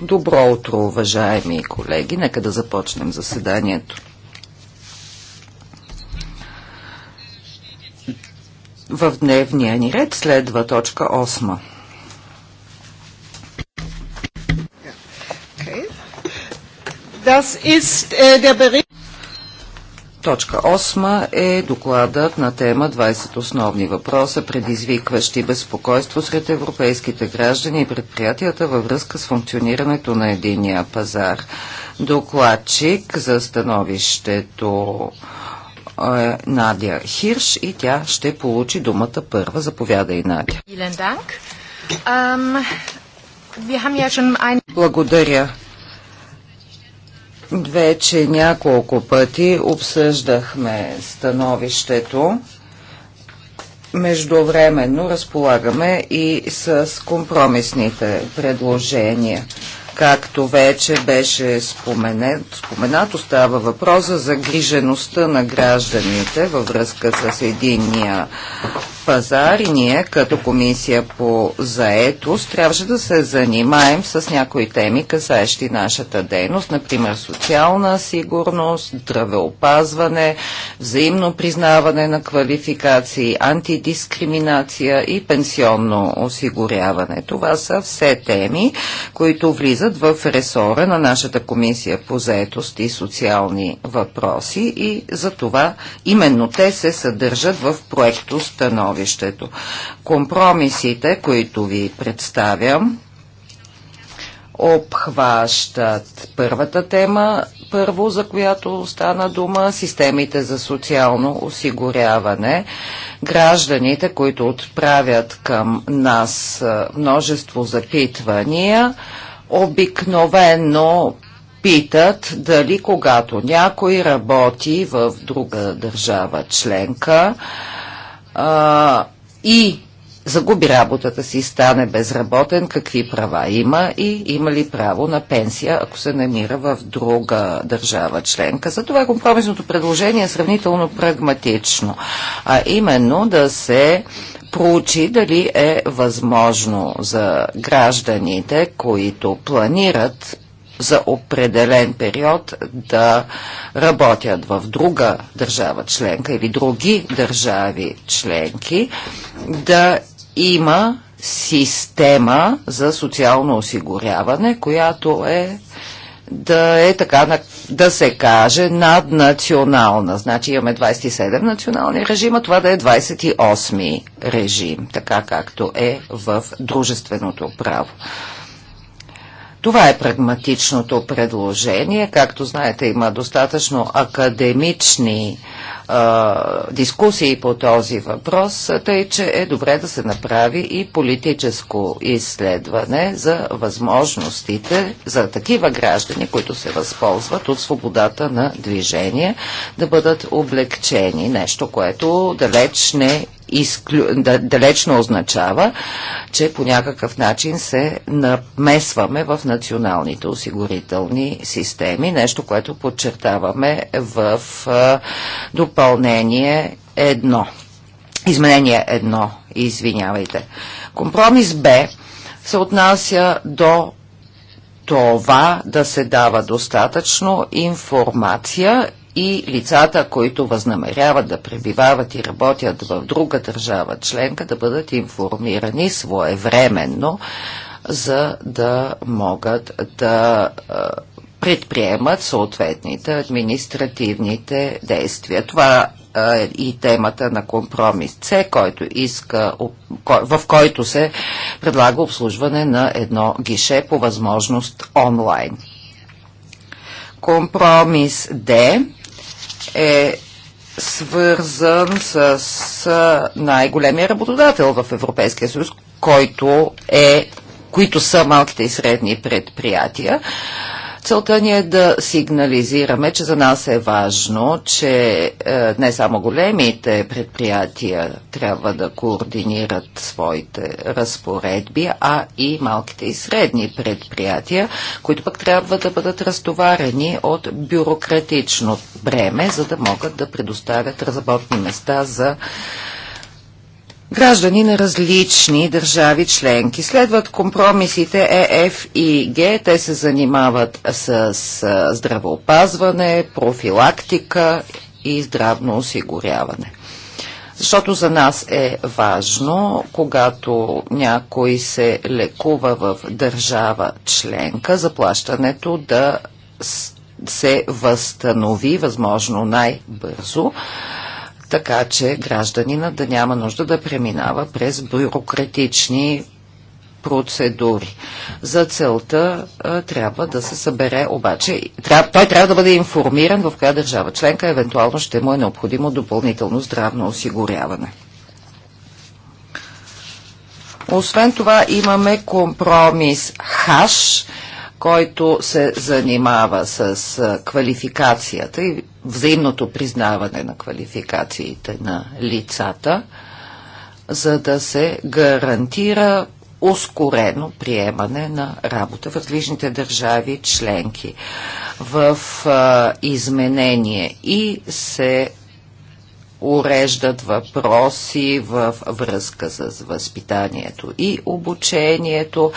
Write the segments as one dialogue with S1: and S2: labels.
S1: Добро утро, уважаеми колеги. Нека да започнем заседанието. В дневния ни ред следва точка 8. Das
S2: ist äh, der Bericht
S1: Точка 8 е докладът на тема 20 основни въпроса, предизвикващи безпокойство сред европейските граждани и предприятията във връзка с функционирането на единия пазар. Докладчик за становището е Надя Хирш и тя ще получи думата първа. Заповядай, Надя. Благодаря. Вече няколко пъти обсъждахме становището. Междувременно разполагаме и с компромисните предложения. Както вече беше споменат, споменато става въпроса за загрижеността на гражданите във връзка с единния пазар и ние като комисия по заетост трябваше да се занимаем с някои теми, касаещи нашата дейност, например социална сигурност, здравеопазване, взаимно признаване на квалификации, антидискриминация и пенсионно осигуряване. Това са все теми, които влизат в ресора на нашата комисия по заетост и социални въпроси и за това именно те се съдържат в проекто становище становището. Компромисите, които ви представям, обхващат първата тема, първо, за която стана дума, системите за социално осигуряване. Гражданите, които отправят към нас множество запитвания, обикновено питат дали когато някой работи в друга държава членка, а, и загуби работата си и стане безработен, какви права има и има ли право на пенсия, ако се намира в друга държава членка. Затова компромисното предложение е сравнително прагматично, а именно да се проучи дали е възможно за гражданите, които планират за определен период да работят в друга държава членка или други държави членки, да има система за социално осигуряване, която е да е така, да се каже, наднационална. Значи имаме 27 национални режима, това да е 28 режим, така както е в дружественото право. Това е прагматичното предложение. Както знаете, има достатъчно академични а, дискусии по този въпрос, тъй че е добре да се направи и политическо изследване за възможностите за такива граждани, които се възползват от свободата на движение, да бъдат облегчени. Нещо, което далеч не изклю... далечно означава, че по някакъв начин се намесваме в националните осигурителни системи, нещо, което подчертаваме в допълнение едно. Изменение едно, извинявайте. Компромис Б се отнася до това да се дава достатъчно информация и лицата, които възнамеряват да пребивават и работят в друга държава членка, да бъдат информирани своевременно, за да могат да предприемат съответните административните действия. Това е и темата на компромис С, който иска, в който се предлага обслужване на едно гише по възможност онлайн. Компромис Д е свързан с най-големия работодател в Европейския съюз, който е които са малките и средни предприятия. Целта ни е да сигнализираме, че за нас е важно, че е, не само големите предприятия трябва да координират своите разпоредби, а и малките и средни предприятия, които пък трябва да бъдат разтоварени от бюрократично бреме, за да могат да предоставят разработни места за е, граждани на различни държави членки. Следват компромисите ЕФ и Г. Те се занимават с здравеопазване, профилактика и здравно осигуряване. Защото за нас е важно, когато някой се лекува в държава членка, заплащането да се възстанови възможно най-бързо така че гражданина да няма нужда да преминава през бюрократични процедури. За целта а, трябва да се събере обаче, трябва, той трябва да бъде информиран в коя държава членка, евентуално ще му е необходимо допълнително здравно осигуряване. Освен това имаме компромис ХАШ, който се занимава с квалификацията и взаимното признаване на квалификациите на лицата, за да се гарантира ускорено приемане на работа в различните държави членки. В а, изменение и се уреждат въпроси в връзка с възпитанието и обучението,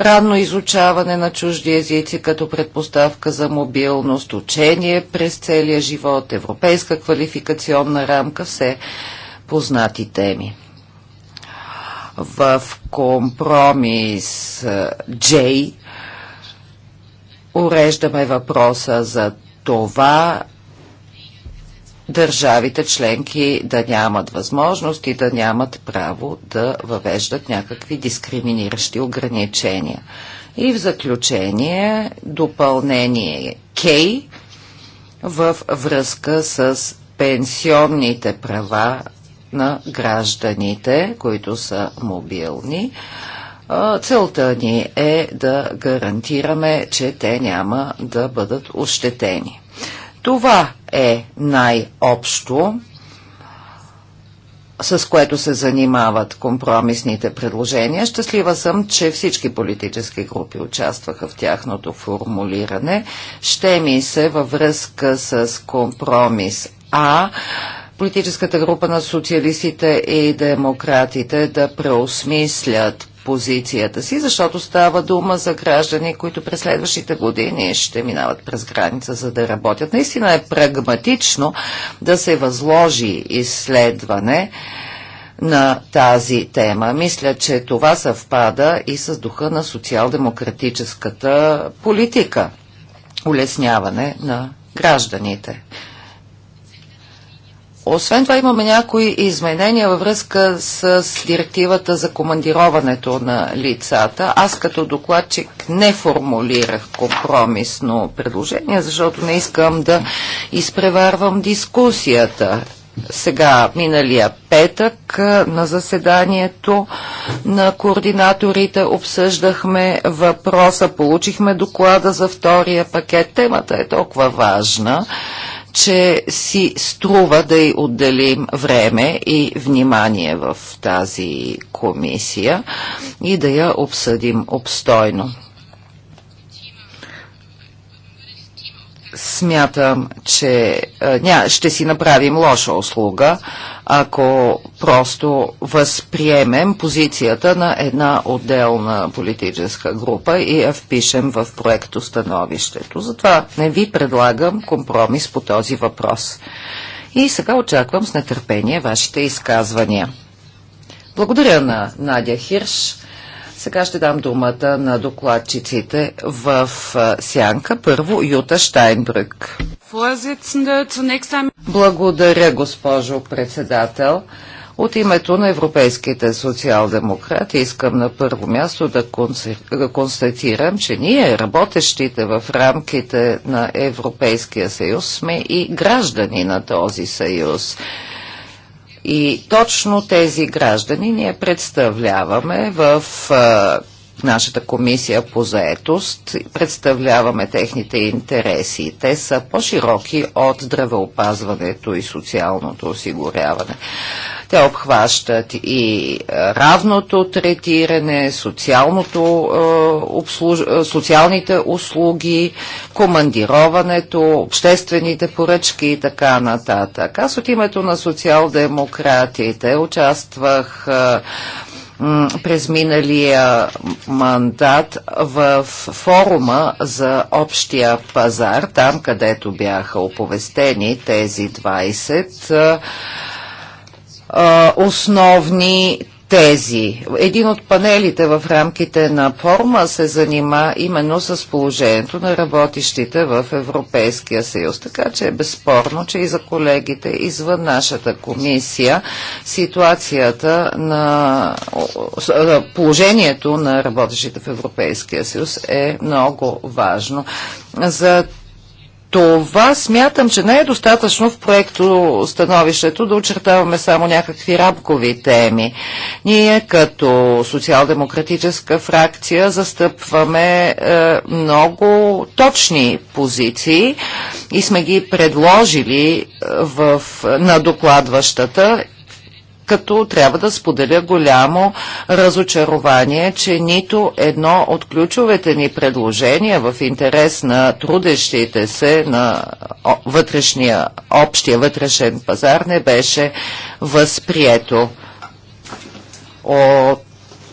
S1: ранно изучаване на чужди езици като предпоставка за мобилност, учение през целия живот, европейска квалификационна рамка, все познати теми в компромис J уреждаме въпроса за това държавите членки да нямат възможност и да нямат право да въвеждат някакви дискриминиращи ограничения. И в заключение допълнение К в връзка с пенсионните права на гражданите, които са мобилни. Целта ни е да гарантираме, че те няма да бъдат ощетени. Това е най-общо, с което се занимават компромисните предложения. Щастлива съм, че всички политически групи участваха в тяхното формулиране. Ще ми се във връзка с компромис А политическата група на социалистите и демократите да преосмислят позицията си, защото става дума за граждани, които през следващите години ще минават през граница, за да работят. Наистина е прагматично да се възложи изследване на тази тема. Мисля, че това съвпада и с духа на социал-демократическата политика. Улесняване на гражданите. Освен това имаме някои изменения във връзка с директивата за командироването на лицата. Аз като докладчик не формулирах компромисно предложение, защото не искам да изпреварвам дискусията. Сега, миналия петък, на заседанието на координаторите обсъждахме въпроса, получихме доклада за втория пакет. Темата е толкова важна че си струва да й отделим време и внимание в тази комисия и да я обсъдим обстойно. смятам, че е, ня, ще си направим лоша услуга, ако просто възприемем позицията на една отделна политическа група и я впишем в проекто становището. Затова не ви предлагам компромис по този въпрос. И сега очаквам с нетърпение вашите изказвания. Благодаря на Надя Хирш сега ще дам думата на докладчиците в Сянка. Първо Юта Штайнбрък. Благодаря, госпожо председател. От името на европейските социал-демократи искам на първо място да, да констатирам, че ние, работещите в рамките на Европейския съюз, сме и граждани на този съюз. И точно тези граждани ние представляваме в а, нашата комисия по заетост, представляваме техните интереси. Те са по-широки от здравеопазването и социалното осигуряване. Те обхващат и е, равното третиране, социалното, е, обслуж... Е, социалните услуги, командироването, обществените поръчки и така нататък. Аз от името на социал-демократите участвах през миналия мандат в форума за общия пазар, там където бяха оповестени тези 20 а, основни тези. Един от панелите в рамките на форма се занима именно с положението на работещите в Европейския съюз. Така че е безспорно, че и за колегите извън нашата комисия ситуацията на положението на работещите в Европейския съюз е много важно. За това смятам, че не е достатъчно в проекто становището да очертаваме само някакви рамкови теми. Ние като социал-демократическа фракция застъпваме е, много точни позиции и сме ги предложили е, в, на докладващата като трябва да споделя голямо разочарование, че нито едно от ключовете ни предложения в интерес на трудещите се на вътрешния, общия вътрешен пазар не беше възприето от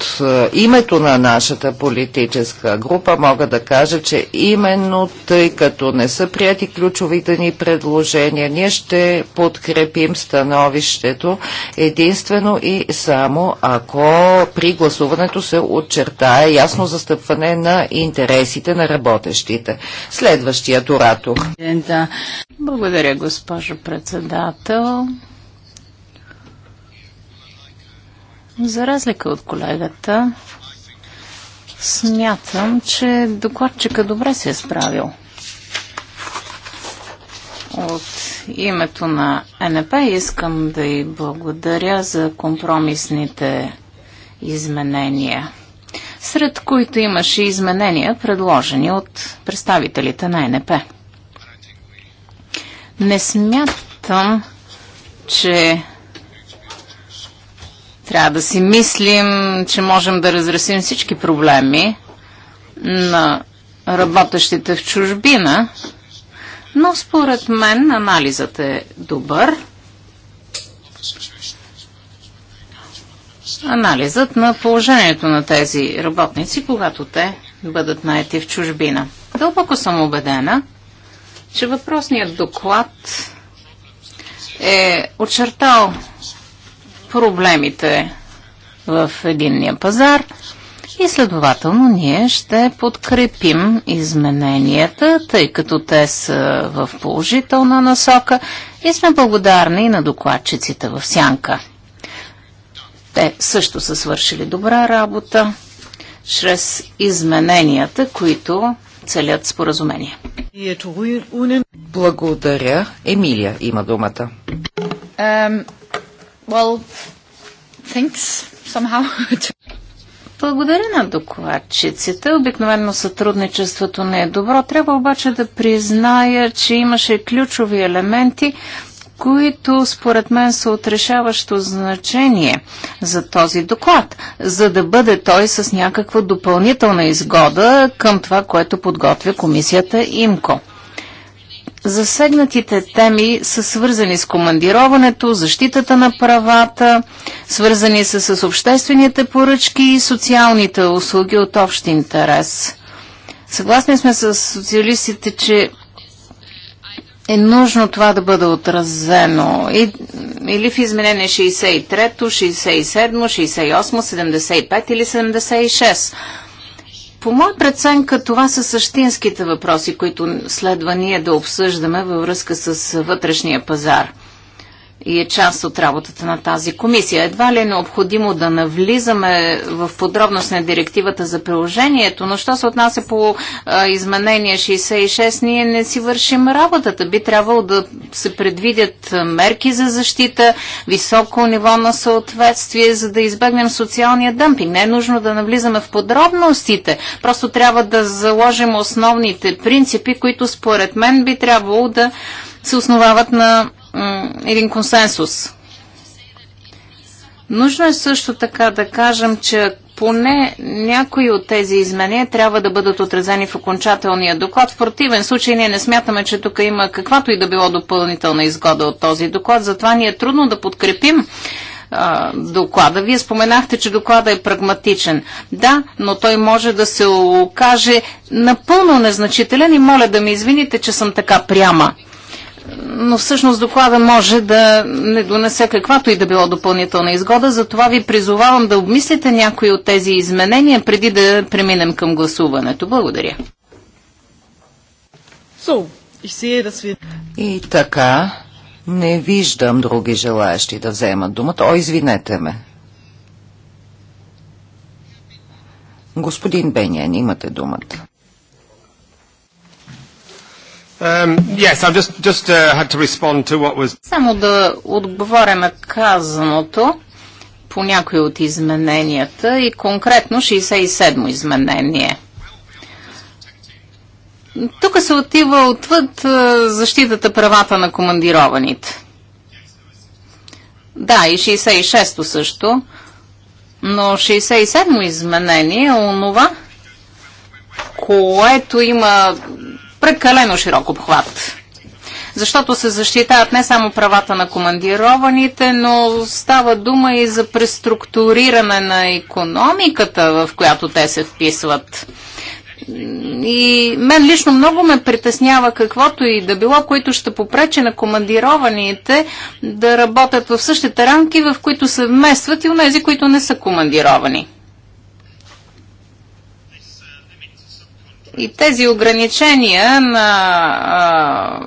S1: от е, името на нашата политическа група мога да кажа, че именно тъй като не са прияти ключовите ни предложения, ние ще подкрепим становището единствено и само ако при гласуването се отчертае ясно застъпване на интересите на работещите. Следващият оратор.
S3: Благодаря, госпожо председател. За разлика от колегата, смятам, че докладчика добре се е справил. От името на НП искам да й благодаря за компромисните изменения, сред които имаше изменения, предложени от представителите на НП. Не смятам, че трябва да си мислим, че можем да разресим всички проблеми на работещите в чужбина, но според мен анализът е добър. Анализът на положението на тези работници, когато те бъдат наети в чужбина. Дълбоко съм убедена, че въпросният доклад е очертал проблемите в единния пазар и следователно ние ще подкрепим измененията, тъй като те са в положителна насока и сме благодарни на докладчиците в Сянка. Те също са свършили добра работа чрез измененията, които целят споразумение.
S1: Благодаря. Емилия има думата.
S3: Well, thanks somehow. Благодаря на докладчиците. Обикновено сътрудничеството не е добро. Трябва обаче да призная, че имаше ключови елементи, които според мен са отрешаващо значение за този доклад, за да бъде той с някаква допълнителна изгода към това, което подготвя комисията ИМКО. Засегнатите теми са свързани с командироването, защитата на правата, свързани са с обществените поръчки и социалните услуги от общ интерес. Съгласни сме с социалистите, че е нужно това да бъде отразено и, или в изменение 63, 67, 68, 75 или 76. По моя преценка това са същинските въпроси, които следва ние да обсъждаме във връзка с вътрешния пазар и е част от работата на тази комисия. Едва ли е необходимо да навлизаме в подробност на директивата за приложението, но що се отнася по а, изменение 66, ние не си вършим работата. Би трябвало да се предвидят мерки за защита, високо ниво на съответствие, за да избегнем социалния дъмпинг. Не е нужно да навлизаме в подробностите, просто трябва да заложим основните принципи, които според мен би трябвало да се основават на един консенсус. Нужно е също така да кажем, че поне някои от тези изменения трябва да бъдат отразени в окончателния доклад. В противен случай ние не смятаме, че тук има каквато и да било допълнителна изгода от този доклад. Затова ни е трудно да подкрепим а, доклада. Вие споменахте, че доклада е прагматичен. Да, но той може да се окаже напълно незначителен и моля да ми извините, че съм така пряма но всъщност доклада може да не донесе каквато и да било допълнителна изгода, затова ви призовавам да обмислите някои от тези изменения преди да преминем към гласуването. Благодаря.
S2: So,
S1: see, и така, не виждам други желаящи да вземат думата. О, извинете ме. Господин Бенян, имате думата.
S3: Um, yes, just, just, uh, was... Само да отговоря на казаното по някои от измененията и конкретно 67 мо изменение. Тук се отива отвъд защитата правата на командированите. Да, и 66-то също, но 67 мо изменение е онова, което има прекалено широк обхват. Защото се защитават не само правата на командированите, но става дума и за преструктуриране на економиката, в която те се вписват. И мен лично много ме притеснява каквото и да било, което ще попречи на командированите да работят в същите рамки, в които се вместват и у нези, които не са командировани. И тези ограничения на а,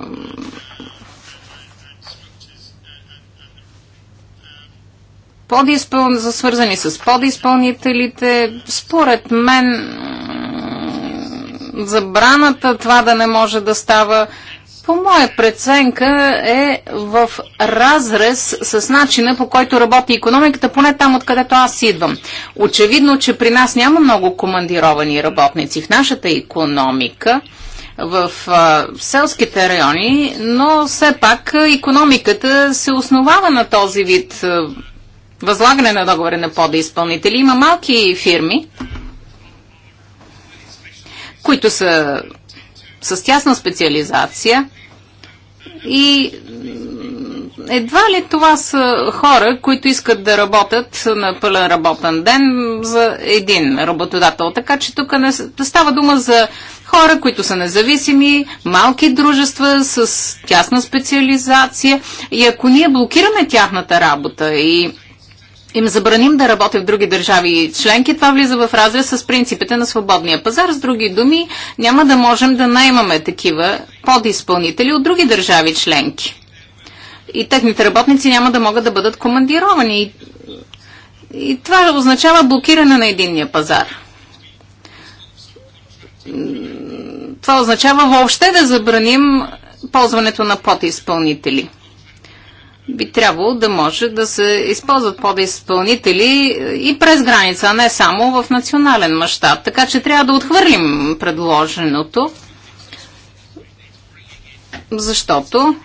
S3: подиспъл... за свързани с подиспълнителите, според мен забраната това да не може да става по моя преценка е в разрез с начина по който работи економиката, поне там откъдето аз идвам. Очевидно, че при нас няма много командировани работници в нашата економика в а, селските райони, но все пак економиката се основава на този вид а, възлагане на договори на подизпълнители. Има малки фирми, които са с тясна специализация и едва ли това са хора, които искат да работят на пълен работен ден за един работодател. Така че тук не става дума за хора, които са независими, малки дружества с тясна специализация. И ако ние блокираме тяхната работа и им забраним да работят в други държави и членки, това влиза в разрез с принципите на свободния пазар. С други думи, няма да можем да наймаме такива подизпълнители от други държави членки. И техните работници няма да могат да бъдат командировани. И, и това означава блокиране на единния пазар. Това означава въобще да забраним ползването на подизпълнители би трябвало да може да се използват подизпълнители и през граница, а не само в национален мащаб. Така че трябва да отхвърлим предложеното, защото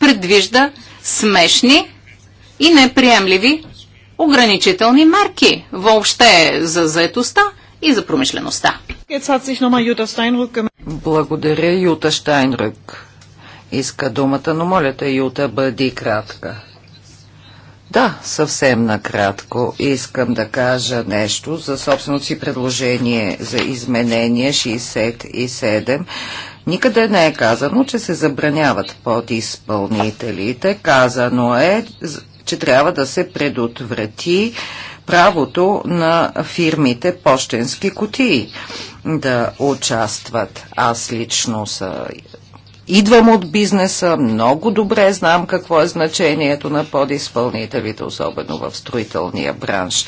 S3: предвижда смешни и неприемливи ограничителни мерки въобще за заетостта и за промишлеността.
S1: Благодаря, Юта Штайнрък иска думата, но моля те, Юта, бъди кратка. Да, съвсем накратко искам да кажа нещо за собственото си предложение за изменение 67. Никъде не е казано, че се забраняват подизпълнителите. Казано е, че трябва да се предотврати правото на фирмите почтенски кутии да участват. Аз лично са, Идвам от бизнеса, много добре знам какво е значението на подизпълнителите, особено в строителния бранш.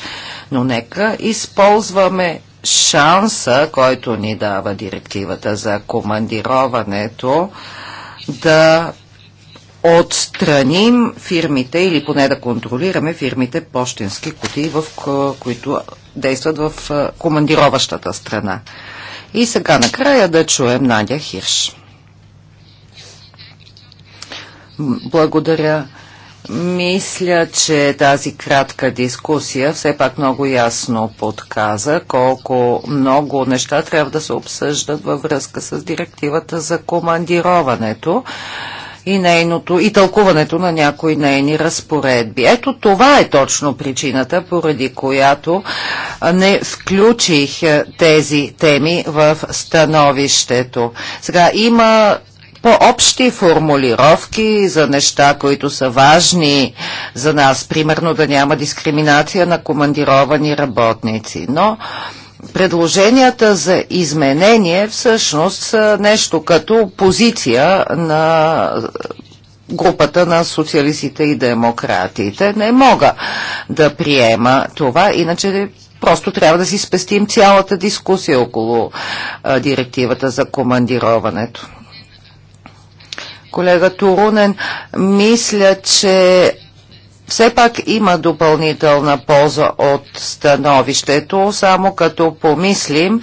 S1: Но нека използваме шанса, който ни дава директивата за командироването, да отстраним фирмите или поне да контролираме фирмите почтенски кутии, в които действат в командироващата страна. И сега накрая да чуем Надя Хирш. Благодаря. Мисля, че тази кратка дискусия все пак много ясно подказа колко много неща трябва да се обсъждат във връзка с директивата за командироването и, нейното, и тълкуването на някои нейни разпоредби. Ето това е точно причината, поради която не включих тези теми в становището. Сега има по-общи формулировки за неща, които са важни за нас, примерно да няма дискриминация на командировани работници. Но предложенията за изменение всъщност са нещо като позиция на групата на социалистите и демократите. Не мога да приема това, иначе просто трябва да си спестим цялата дискусия около а, директивата за командироването колега Турунен. Мисля, че все пак има допълнителна полза от становището, само като помислим,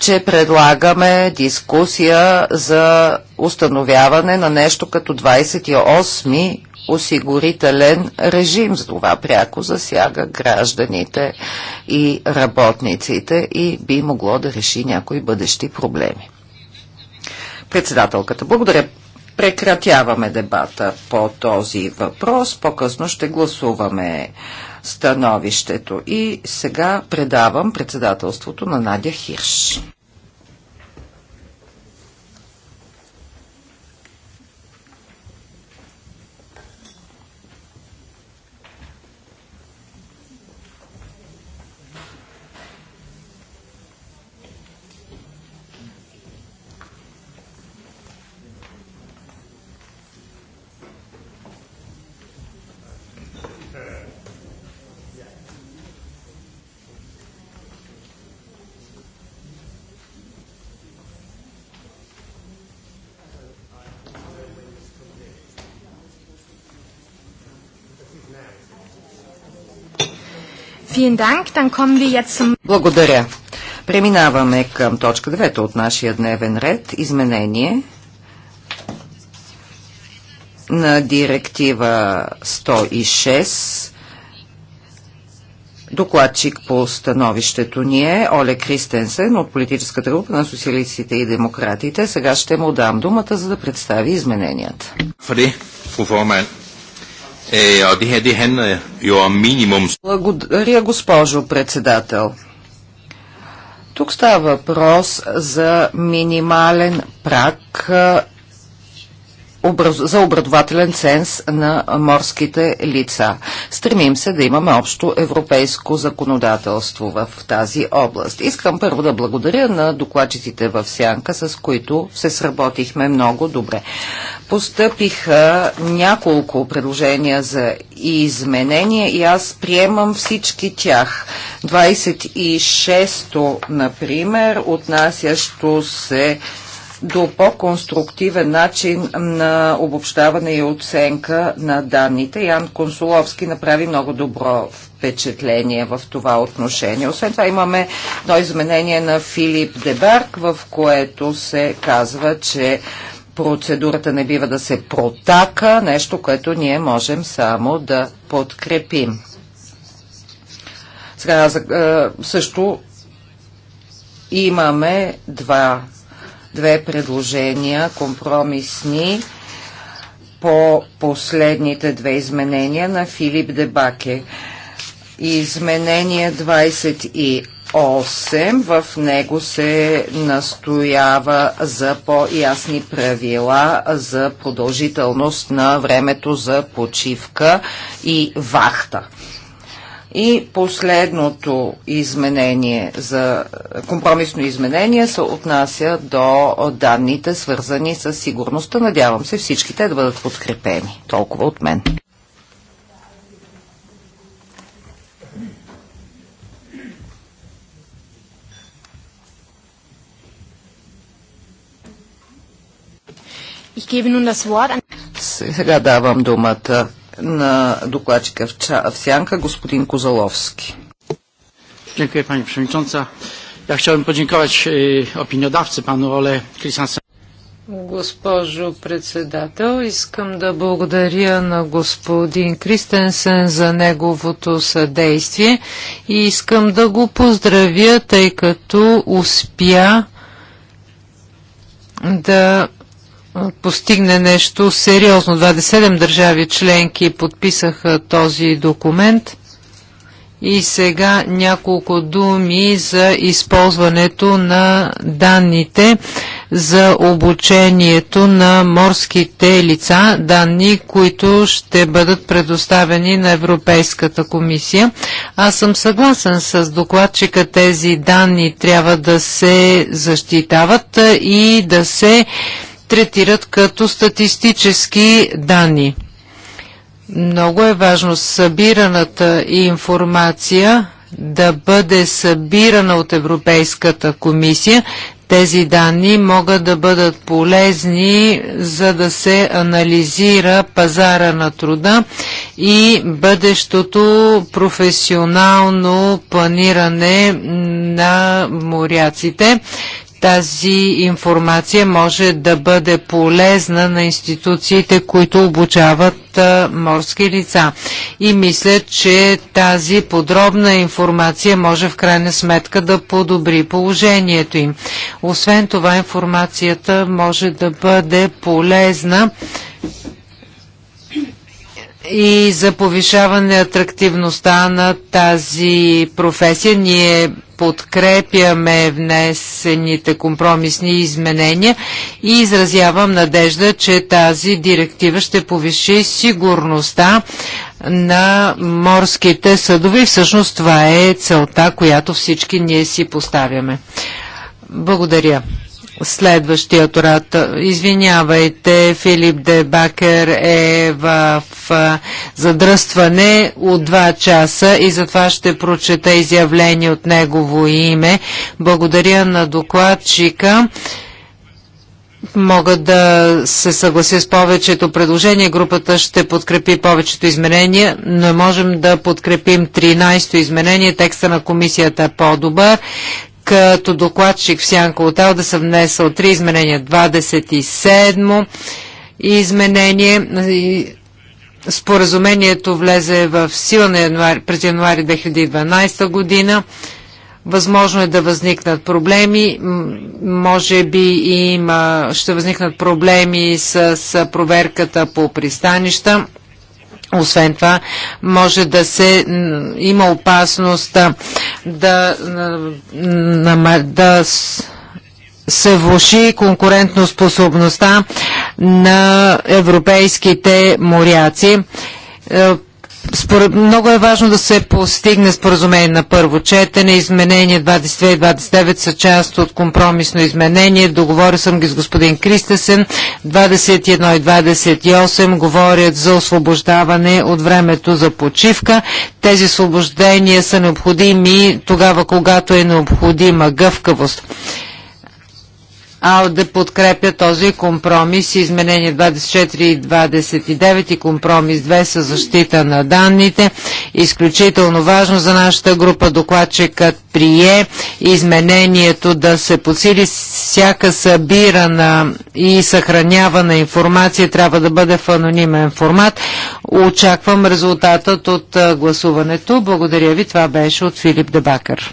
S1: че предлагаме дискусия за установяване на нещо като 28-ми осигурителен режим. За това пряко засяга гражданите и работниците и би могло да реши някои бъдещи проблеми. Председателката, благодаря. Прекратяваме дебата по този въпрос. По-късно ще гласуваме становището. И сега предавам председателството на Надя Хирш. Благодаря. Преминаваме към точка 9 от нашия дневен ред. Изменение на директива 106. Докладчик по становището ни е Оле Кристенсен от политическата група на социалистите и демократите. Сега ще му дам думата, за да представи измененията. Фри, е, е, Благодаря, госпожо председател. Тук става въпрос за минимален прак за образователен ценз на морските лица. Стремим се да имаме общо европейско законодателство в тази област. Искам първо да благодаря на докладчиците в Сянка, с които се сработихме много добре. Постъпиха няколко предложения за изменения и аз приемам всички тях. 26-то, например, отнасящо се до по-конструктивен начин на обобщаване и оценка на данните. Ян Консуловски направи много добро впечатление в това отношение. Освен това имаме едно изменение на Филип Дебарк, в което се казва, че процедурата не бива да се протака, нещо, което ние можем само да подкрепим. Сега е, също имаме два две предложения компромисни по последните две изменения на Филип Дебаке. Изменение 28, в него се настоява за по-ясни правила за продължителност на времето за почивка и вахта. И последното изменение за компромисно изменение се отнася до данните, свързани с сигурността. Надявам се всичките да бъдат подкрепени. Толкова от мен. Сега давам думата на докладчика в Сянка, господин Козаловски. Dziękuję Pani Przewodnicząca. Ja
S2: chciałbym podziękować e, opiniodawcy, panu Ole Christensen. Госпожо председател, искам да благодаря на господин Кристенсен за неговото съдействие и искам да го поздравя, тъй като успя да постигне нещо сериозно. 27 държави членки подписаха този документ. И сега няколко думи за използването на данните за обучението на морските лица, данни, които ще бъдат предоставени на Европейската комисия. Аз съм съгласен с докладчика, тези данни трябва да се защитават и да се третират като статистически данни. Много е важно събираната информация да бъде събирана от Европейската комисия. Тези данни могат да бъдат полезни, за да се анализира пазара на труда и бъдещото професионално планиране на моряците. Тази информация може да бъде полезна на институциите, които обучават морски лица. И мисля, че тази подробна информация може в крайна сметка да подобри положението им. Освен това, информацията може да бъде полезна и за повишаване атрактивността на тази професия. Ние подкрепяме внесените компромисни изменения и изразявам надежда, че тази директива ще повиши сигурността на морските съдове. Всъщност това е целта, която всички ние си поставяме. Благодаря. Следващият оратор, извинявайте, Филип Де Бакер е в задръстване от 2 часа и затова ще прочета изявление от негово име. Благодаря на докладчика. Мога да се съглася с повечето предложения. Групата ще подкрепи повечето изменения, но можем да подкрепим 13-то изменение. Текста на комисията е по-добър като докладчик в Сянка Отел да съм внесъл три изменения. 27 изменение. Споразумението влезе в сила на януари, през януари 2012 година. Възможно е да възникнат проблеми. Може би има, ще възникнат проблеми с, с проверката по пристанища. Освен това, може да се има опасност да, да, да се влуши конкурентоспособността на европейските моряци е, според, много е важно да се постигне споразумение на първо четене. Изменение 22 и 29 са част от компромисно изменение. Договоря съм ги с господин Кристесен. 21 и 28 говорят за освобождаване от времето за почивка. Тези освобождения са необходими тогава, когато е необходима гъвкавост. АЛДЕ подкрепя този компромис, изменение 24 и 29 и компромис 2 са защита на данните. Изключително важно за нашата група докладчикът прие изменението да се подсили всяка събирана и съхранявана информация трябва да бъде в анонимен формат. Очаквам резултатът от гласуването. Благодаря ви. Това беше от Филип Дебакър.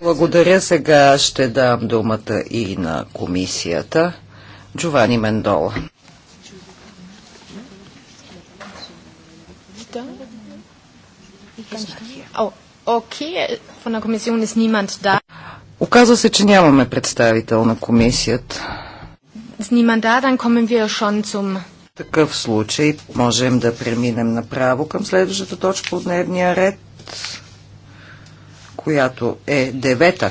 S1: Благодаря. Сега ще дам думата и на комисията. Джовани Мендола. Оказва се, че нямаме представител на комисията.
S3: В
S1: такъв случай можем да преминем направо към следващата точка от дневния ред която е девета,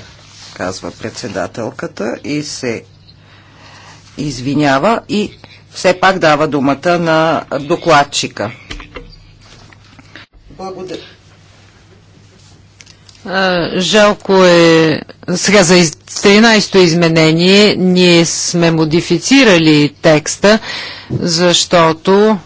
S1: казва председателката и се извинява и все пак дава думата на докладчика. Благодаря.
S2: Жалко е... Сега за 13-то изменение ние сме модифицирали текста, защото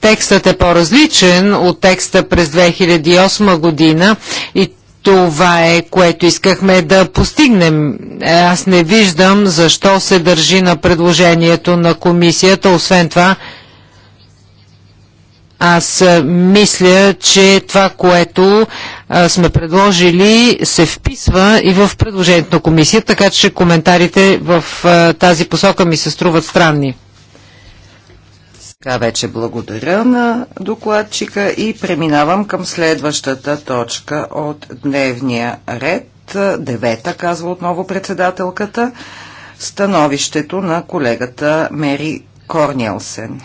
S2: текстът е по-различен от текста през 2008 година и това е, което искахме да постигнем. Е, аз не виждам защо се държи на предложението на комисията. Освен това, аз е, мисля, че това, което е, сме предложили, се вписва и в предложението на комисията, така че коментарите в тази посока ми се струват странни. Така
S1: вече благодаря на докладчика и преминавам към следващата точка от дневния ред. Девета, казва отново председателката, становището на колегата Мери Корнелсен.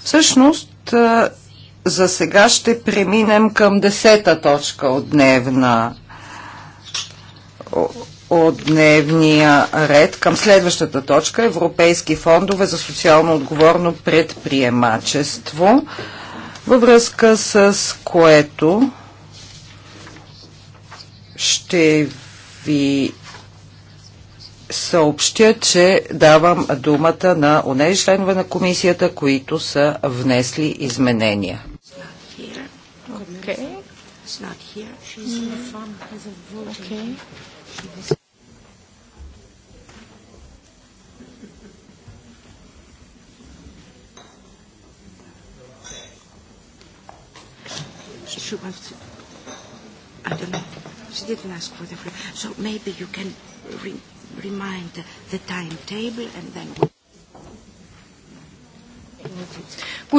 S1: Всъщност, за сега ще преминем към десета точка от дневна от дневния ред към следващата точка Европейски фондове за социално отговорно предприемачество, във връзка с което ще ви съобщя, че давам думата на онези членове на комисията, които са внесли изменения.
S2: Okay.
S3: should have. I don't know. She didn't ask for the floor. So maybe you can re- remind
S2: the timetable and then. We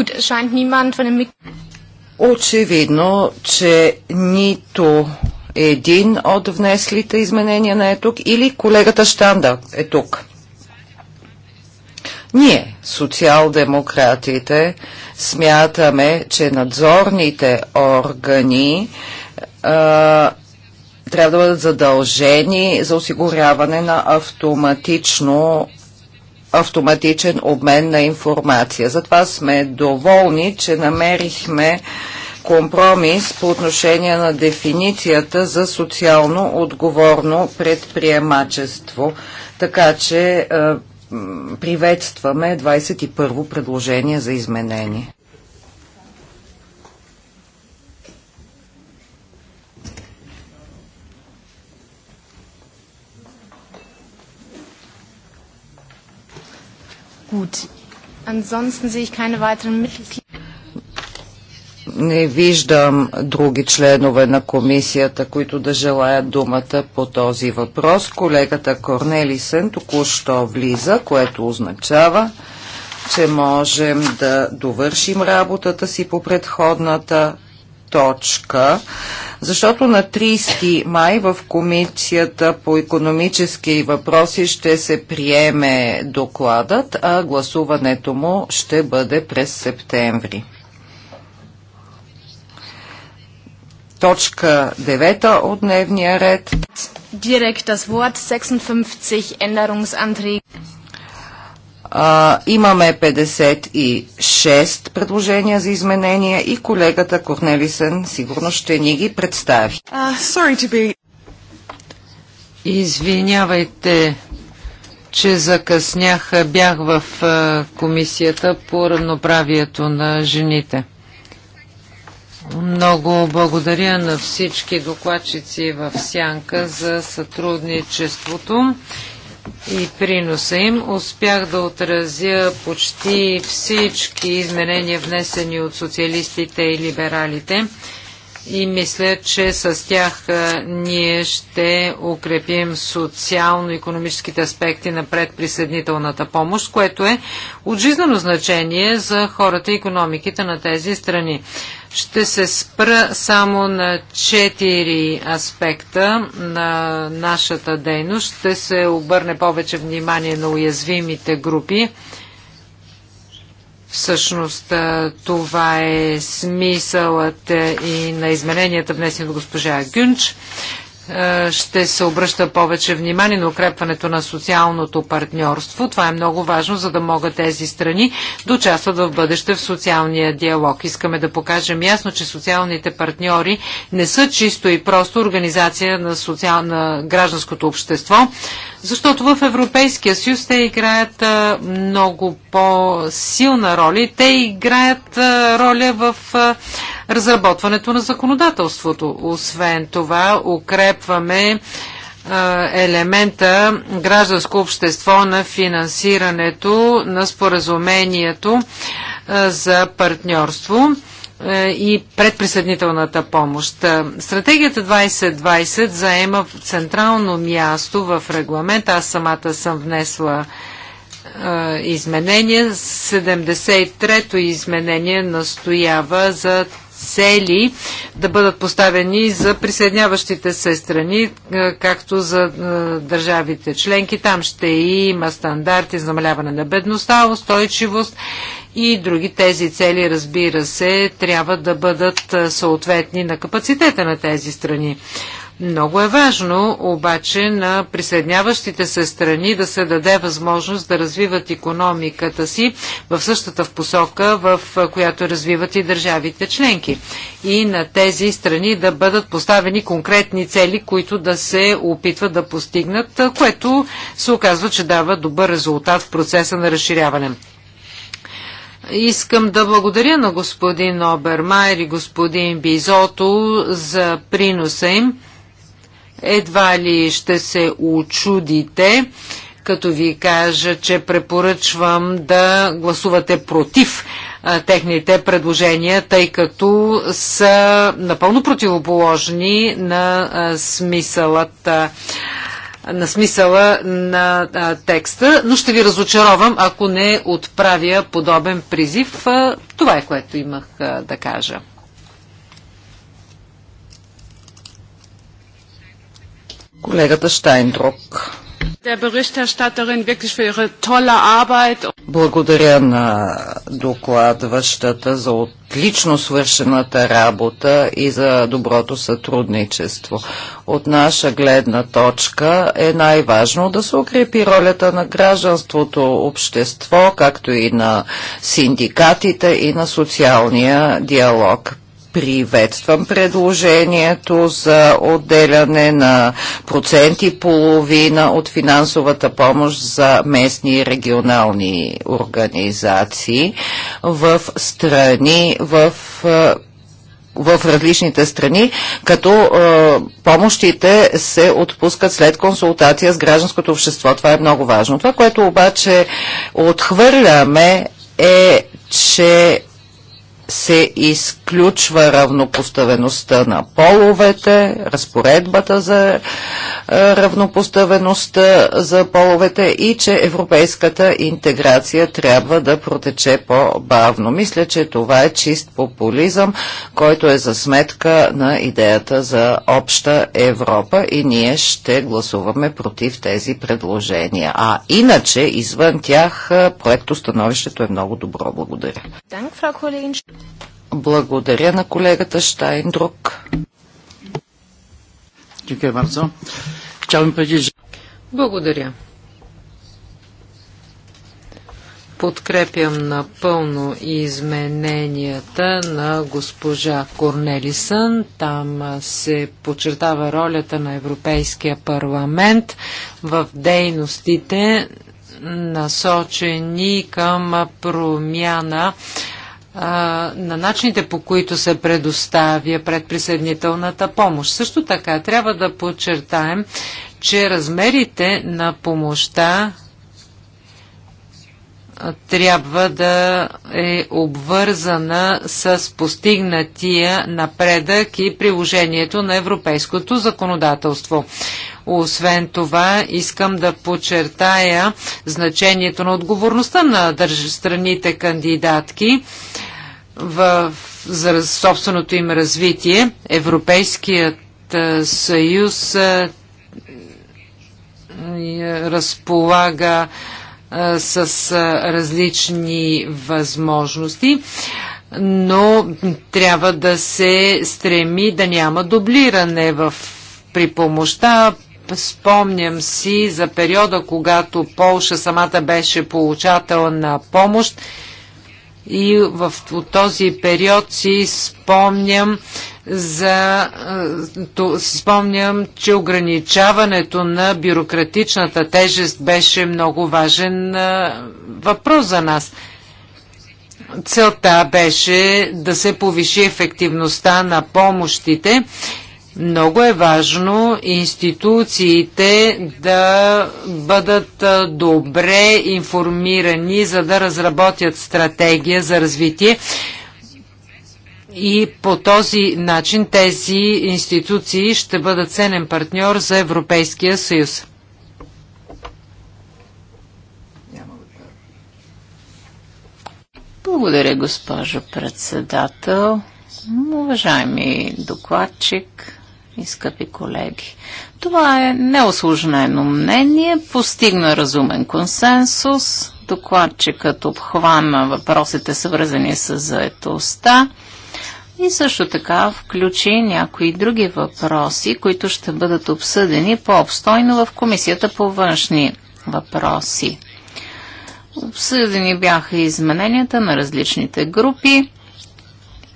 S2: Gut, es scheint niemand von den
S1: Очевидно, че нито един от внеслите изменения не е тук или колегата Штанда е тук. Ние, социал-демократите, Смятаме, че надзорните органи а, трябва да бъдат задължени за осигуряване на автоматично автоматичен обмен на информация. Затова сме доволни, че намерихме компромис по отношение на дефиницията за социално отговорно предприемачество. Така че приветстваме 21-во предложение за изменение.
S3: Gut. Ansonsten sehe ich keine weiteren Mitglieder.
S1: Не виждам други членове на комисията, които да желаят думата по този въпрос. Колегата Корнелисен току-що влиза, което означава, че можем да довършим работата си по предходната точка, защото на 30 май в Комисията по економически въпроси ще се приеме докладът, а гласуването му ще бъде през септември. точка 9 от дневния ред.
S3: Директ das Wort 56 Änderungsanträge.
S1: А, имаме 56 предложения за изменения и колегата Корнелисен сигурно ще ни ги представи.
S2: Uh, sorry to be... Извинявайте, че закъснях. Бях в uh, комисията по равноправието на жените. Много благодаря на всички докладчици в Сянка за сътрудничеството и приноса им. Успях да отразя почти всички изменения, внесени от социалистите и либералите и мисля, че с тях ние ще укрепим социално-економическите аспекти на предприсъединителната помощ, което е от жизнено значение за хората и економиките на тези страни. Ще се спра само на четири аспекта на нашата дейност. Ще се обърне повече внимание на уязвимите групи Всъщност това е смисълът и на измененията внесени от госпожа Гюнч. Е, ще се обръща повече внимание на укрепването на социалното партньорство. Това е много важно, за да могат тези страни да участват в бъдеще в социалния диалог. Искаме да покажем ясно, че социалните партньори не са чисто и просто организация на, социал... на гражданското общество, защото в Европейския съюз те играят е, много по-силна роля те играят е, роля в разработването на законодателството. Освен това, укреп укрепваме елемента гражданско общество на финансирането на споразумението за партньорство и предприсъединителната помощ. Стратегията 2020 заема централно място в регламент. Аз самата съм внесла изменение. 73-то изменение настоява за цели да бъдат поставени за присъединяващите се страни, е, както за е, държавите членки. Там ще има стандарти за намаляване на бедността, устойчивост и други тези цели, разбира се, трябва да бъдат е, съответни на капацитета на тези страни. Много е важно обаче на присъединяващите се страни да се даде възможност да развиват економиката си в същата в посока, в която развиват и държавите членки. И на тези страни да бъдат поставени конкретни цели, които да се опитват да постигнат, което се оказва, че дава добър резултат в процеса на разширяване. Искам да благодаря на господин Обермайер и господин Бизото за приноса им. Едва ли ще се очудите, като ви кажа, че препоръчвам да гласувате против а, техните предложения, тъй като са напълно противоположни на а, смисълът. А, на смисъла на а, текста, но ще ви разочаровам, ако не отправя подобен призив. А, това е което имах а, да кажа.
S1: Колегата Штайндрук. Благодаря на докладващата за отлично свършената работа и за доброто сътрудничество. От наша гледна точка е най-важно да се укрепи ролята на гражданството общество, както и на синдикатите и на социалния диалог приветствам предложението за отделяне на проценти половина от финансовата помощ за местни и регионални организации в страни, в в различните страни, като е, помощите се отпускат след консултация с гражданското общество. Това е много важно. Това, което обаче отхвърляме е, че се иска включва равнопоставеността на половете, разпоредбата за е, равнопоставеността за половете и че европейската интеграция трябва да протече по-бавно. Мисля, че това е чист популизъм, който е за сметка на идеята за обща Европа и ние ще гласуваме против тези предложения. А иначе, извън тях, е, становището е много добро. Благодаря. Благодаря на колегата Штайндрук.
S2: Благодаря. Подкрепям напълно измененията на госпожа Корнелисън. Там се подчертава ролята на Европейския парламент в дейностите насочени към промяна а, на начините по които се предоставя предприсъединителната помощ. Също така трябва да подчертаем, че размерите на помощта трябва да е обвързана с постигнатия напредък и приложението на европейското законодателство. Освен това, искам да подчертая значението на отговорността на страните кандидатки в, за собственото им развитие. Европейският съюз разполага с различни възможности, но трябва да се стреми да няма дублиране в, при помощта. Спомням си за периода, когато Полша самата беше получател на помощ и в този период си спомням, за, е, то, си спомням, че ограничаването на бюрократичната тежест беше много важен е, въпрос за нас. Целта беше да се повиши ефективността на помощите много е важно институциите да бъдат добре информирани, за да разработят стратегия за развитие и по този начин тези институции ще бъдат ценен партньор за Европейския съюз.
S3: Благодаря, госпожо председател. Уважаеми докладчик, и ами, скъпи колеги. Това е неослужнено мнение, постигна разумен консенсус, докладчикът обхвана въпросите свързани с заетостта и също така включи някои други въпроси, които ще бъдат обсъдени по-обстойно в Комисията по външни въпроси. Обсъдени бяха измененията на различните групи.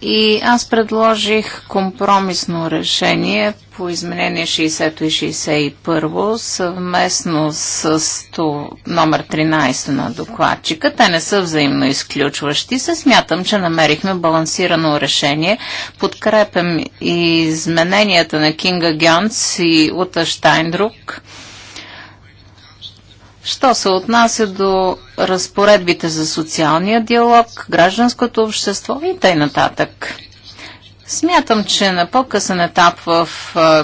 S3: И аз предложих компромисно решение по изменение 60 и 61 съвместно с номер 13 на докладчика. Те не са взаимно изключващи се. Смятам, че намерихме балансирано решение. Подкрепям и измененията на Кинга Гьонц и Ута Штайндрук. Що се отнася до разпоредбите за социалния диалог, гражданското общество и т.н. Смятам, че на по-късен етап в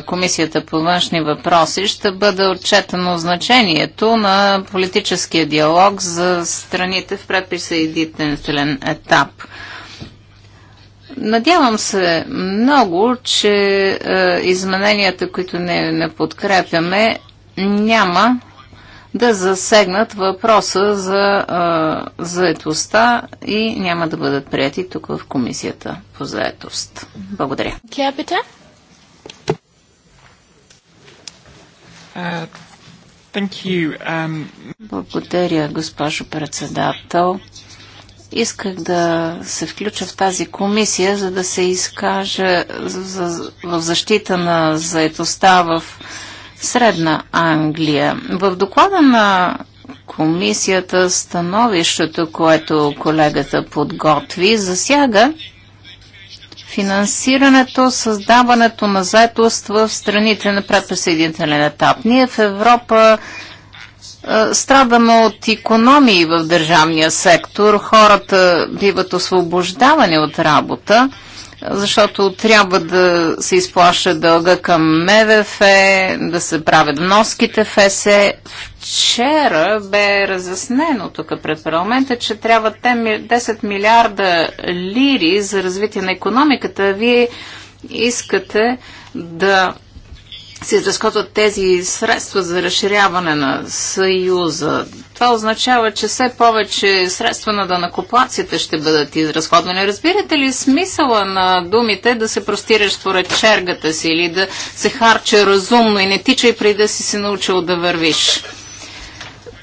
S3: Комисията по външни въпроси ще бъде отчетено значението на политическия диалог за страните в предприсъединителен етап. Надявам се много, че е, измененията, които не, не подкрепяме, няма да засегнат въпроса за а, заетостта и няма да бъдат прияти тук в комисията по заетост. Благодаря. Клепите? Uh, um, Благодаря, госпожо председател. Исках да се включа в тази комисия, за да се изкажа в защита на заетостта в Средна Англия. В доклада на комисията становището, което колегата подготви, засяга финансирането, създаването на заетост в страните на предприсъединителен етап. Ние в Европа е, страдаме от економии в държавния сектор, хората биват освобождавани от работа защото трябва да се изплаща дълга към МВФ, да се правят вноските в ЕСЕ. Вчера бе разяснено тук пред парламента, че трябва 10 милиарда лири за развитие на економиката. Вие искате да се изразходват тези средства за разширяване на Съюза. Това означава, че все повече средства на данакоплаците ще бъдат изразходвани. Разбирате ли смисъла на думите да се простираш според чергата си или да се харче разумно и не тичай преди да си се научил да вървиш?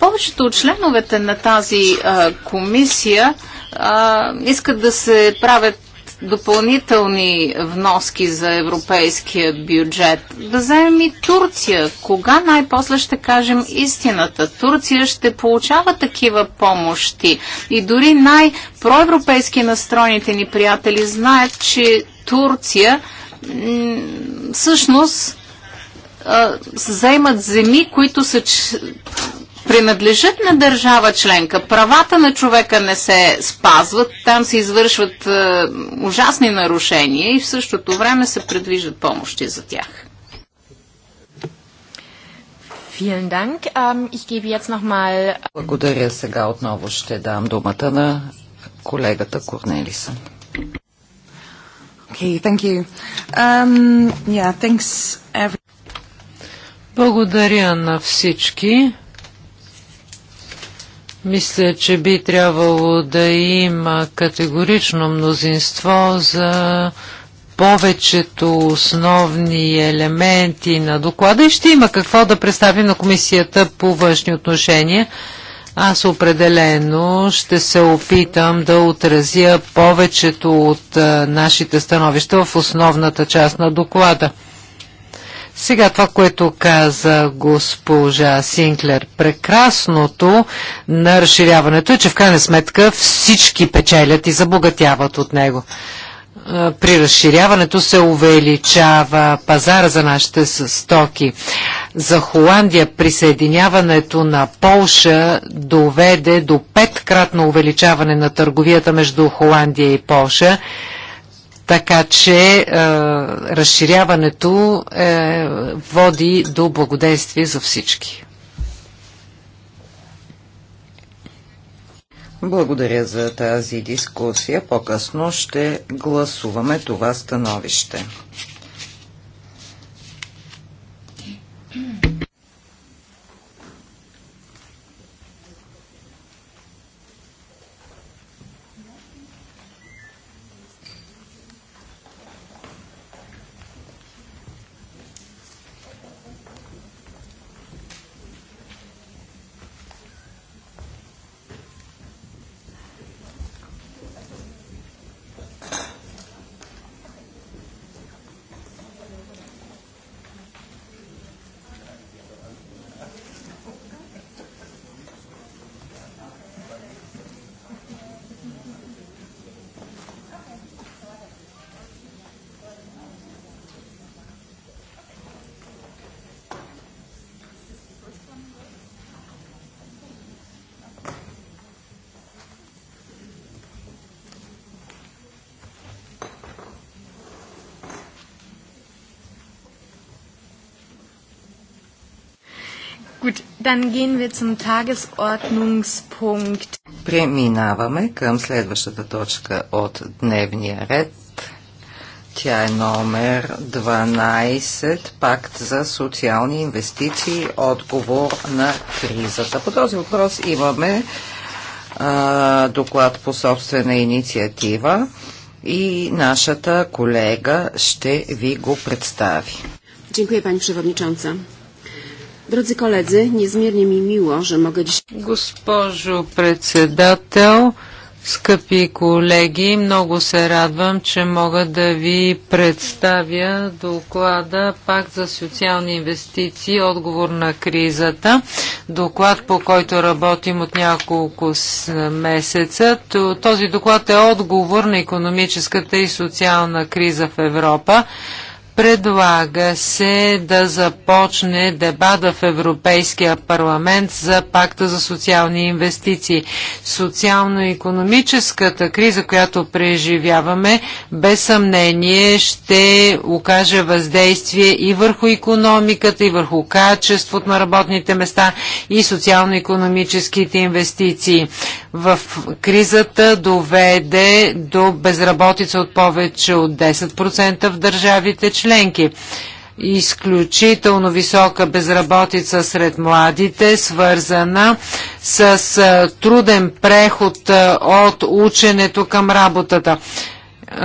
S3: Повечето от членовете на тази а, комисия а, искат да се правят допълнителни вноски за европейския бюджет. Да вземем и Турция. Кога най-после ще кажем истината? Турция ще получава такива помощи. И дори най-проевропейски настроените ни приятели знаят, че Турция всъщност заемат земи, които са принадлежат на държава членка. Правата на човека не се спазват, там се извършват е, ужасни нарушения и в същото време се предвиждат помощи за тях. Ähm, äh,
S1: Благодаря. Сега отново ще дам думата на колегата Корнелисън.
S2: Okay, thank you. Um, yeah, thanks every... Благодаря на всички. Мисля, че би трябвало да има категорично мнозинство за повечето основни елементи на доклада и ще има какво да представим на Комисията по външни отношения. Аз определено ще се опитам да отразя повечето от нашите становища в основната част на доклада. Сега това, което каза госпожа Синклер, прекрасното на разширяването е, че в крайна сметка всички печелят и забогатяват от него. При разширяването се увеличава пазара за нашите стоки. За Холандия присъединяването на Полша доведе до петкратно увеличаване на търговията между Холандия и Полша така че е, разширяването е, води до благодействие за всички.
S1: Благодаря за тази дискусия. По-късно ще гласуваме това становище.
S3: Gut, dann gehen wir zum Tagesordnungspunkt.
S1: Преминаваме към следващата точка от дневния ред. Тя е номер 12, пакт за социални инвестиции, отговор на кризата. По този въпрос имаме а, доклад по собствена инициатива и нашата колега ще ви го представи.
S2: Dziękuję пани Drodzy koledzy, niezmiernie mi miło, że mogę dziś... Госпожо председател, скъпи колеги, много се радвам, че мога да ви представя доклада Пакт за социални инвестиции, отговор на кризата. Доклад, по който работим от няколко месеца. Този доклад е отговор на економическата и социална криза в Европа. Предлага се да започне дебата в Европейския парламент за пакта за социални инвестиции. Социално-економическата криза, която преживяваме, без съмнение ще окаже въздействие и върху економиката, и върху качеството на работните места и социално-економическите инвестиции. В кризата доведе до безработица от повече от 10% в държавите членки. Изключително висока безработица сред младите, свързана с труден преход от ученето към работата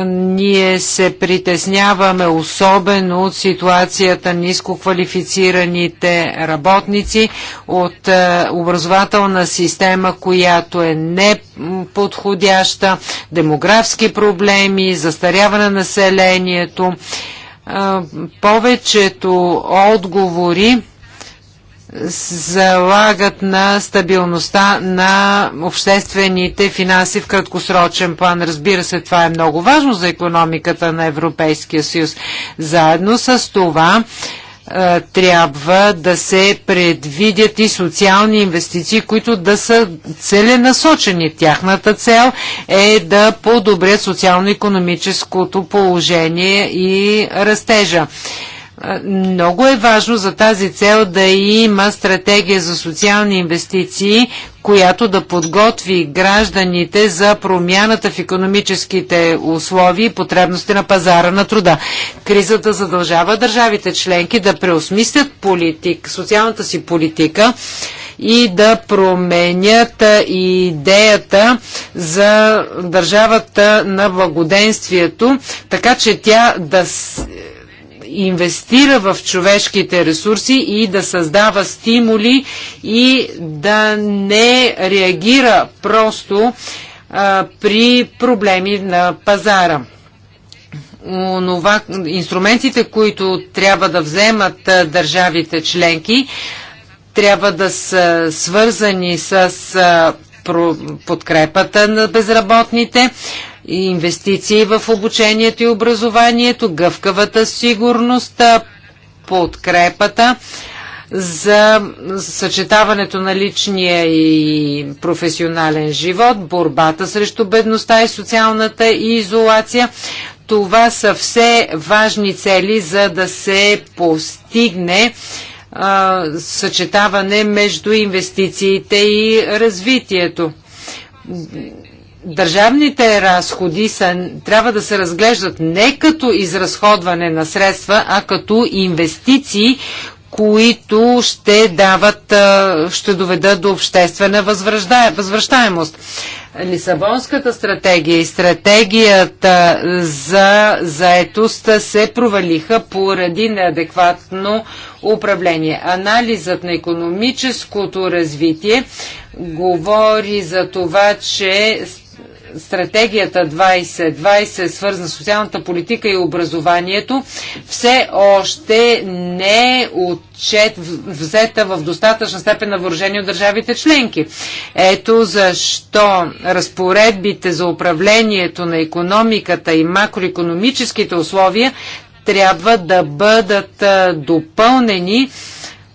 S2: ние се притесняваме особено от ситуацията на квалифицираните работници, от образователна система, която е неподходяща, демографски проблеми, застаряване на населението повечето отговори залагат на стабилността на обществените финанси в краткосрочен план. Разбира се, това е много важно за економиката на Европейския съюз. Заедно с това е, трябва да се предвидят и социални инвестиции, които да са целенасочени. Тяхната цел е да подобрят социално-економическото положение и растежа. Много е важно за тази цел да има стратегия за социални инвестиции, която да подготви гражданите за промяната в економическите условия и потребности на пазара на труда. Кризата задължава държавите членки да преосмислят политик, социалната си политика и да променят идеята за държавата на благоденствието, така че тя да инвестира в човешките ресурси и да създава стимули и да не реагира просто а, при проблеми на пазара. Онова, инструментите, които трябва да вземат държавите членки, трябва да са свързани с подкрепата на безработните, инвестиции в обучението и образованието, гъвкавата сигурност, подкрепата за съчетаването на личния и професионален живот, борбата срещу бедността и социалната изолация. Това са все важни цели, за да се постигне а, съчетаване между инвестициите и развитието държавните разходи са, трябва да се разглеждат не като изразходване на средства, а като инвестиции, които ще дават, ще доведат до обществена възвръщаемост. Лисабонската стратегия и стратегията за заетост се провалиха поради неадекватно управление. Анализът на економическото развитие говори за това, че стратегията 2020, свързана с социалната политика и образованието, все още не е отчет взета в достатъчна степен на въоръжение от държавите членки. Ето защо разпоредбите за управлението на економиката и макроекономическите условия трябва да бъдат допълнени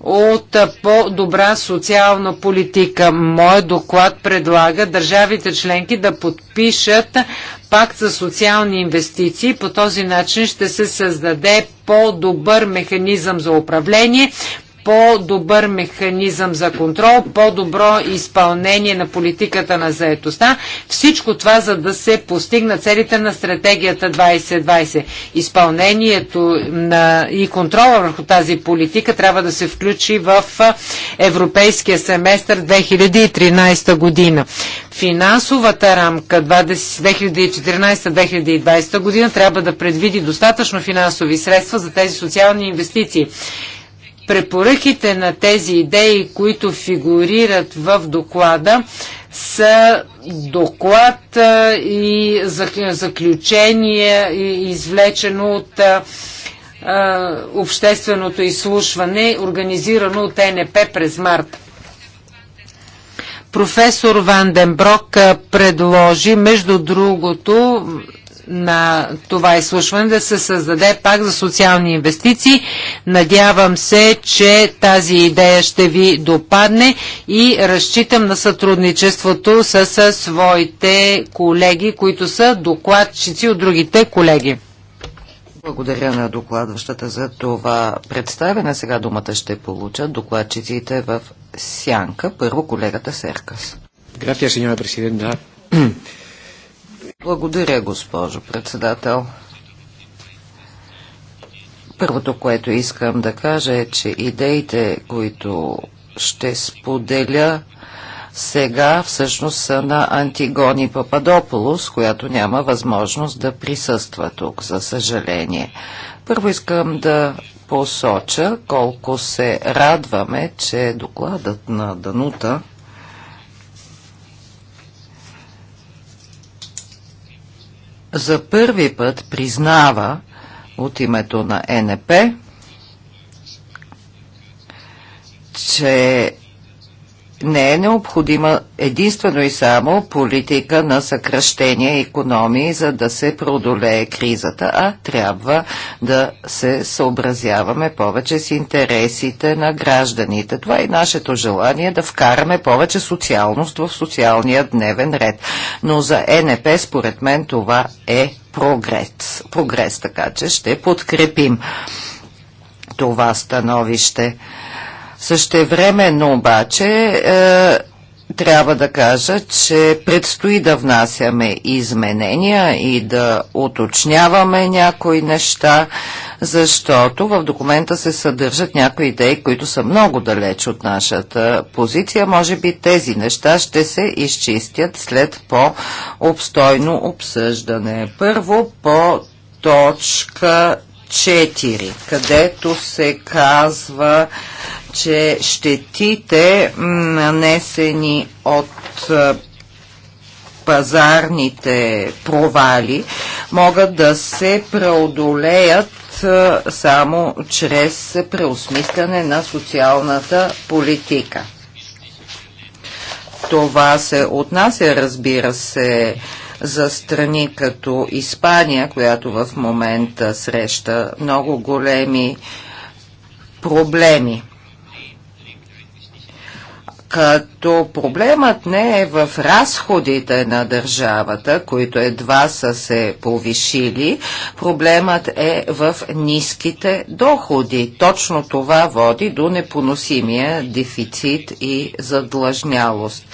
S2: от по-добра социална политика. Мой доклад предлага държавите членки да подпишат пакт за социални инвестиции. По този начин ще се създаде по-добър механизъм за управление, по-добър механизъм за контрол, по-добро изпълнение на политиката на заетостта. Всичко това, за да се постигна целите на стратегията 2020. Изпълнението на и контрола върху тази политика трябва да се включи в Европейския семестър 2013 година. Финансовата рамка 2014-2020 година трябва да предвиди достатъчно финансови средства за тези социални инвестиции. Препоръките на тези идеи, които фигурират в доклада, са доклад и заключение, извлечено от общественото изслушване, организирано от НП през март. Професор Ванденброк предложи, между другото, на това изслушване, да се създаде пак за социални инвестиции. Надявам се, че тази идея ще ви допадне и разчитам на сътрудничеството с, своите колеги, които са докладчици от другите колеги.
S1: Благодаря на докладващата за това представяне. Сега думата ще получат докладчиците в Сянка. Първо колегата Серкас. Gracias, señora presidenta. Благодаря, госпожо председател. Първото, което искам да кажа е, че идеите, които ще споделя сега, всъщност са на Антигони Пападополос, която няма възможност да присъства тук, за съжаление. Първо искам да посоча колко се радваме, че докладът на Данута за първи път признава от името на НП, че не е необходима единствено и само политика на съкръщение и економии, за да се продолее кризата, а трябва да се съобразяваме повече с интересите на гражданите. Това е и нашето желание да вкараме повече социалност в социалния дневен ред. Но за ЕНП според мен това е прогрес. Прогрес, така че ще подкрепим това становище но обаче е, трябва да кажа, че предстои да внасяме изменения и да уточняваме някои неща, защото в документа се съдържат някои идеи, които са много далеч от нашата позиция. Може би тези неща ще се изчистят след по-обстойно обсъждане. Първо по точка 4, където се казва, че щетите нанесени от пазарните провали могат да се преодолеят само чрез преосмисляне на социалната политика. Това се отнася, разбира се, за страни като Испания, която в момента среща много големи проблеми. Като като проблемът не е в разходите на държавата, които едва са се повишили, проблемът е в ниските доходи. Точно това води до непоносимия дефицит и задлъжнялост.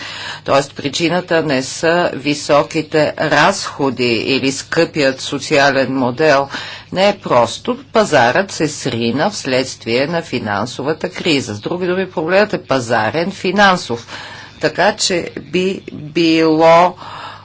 S1: Тоест причината не са високите разходи или скъпият социален модел, не е просто. Пазарът се срина вследствие на финансовата криза. С други думи, проблемът е пазарен, финансов. Така че би било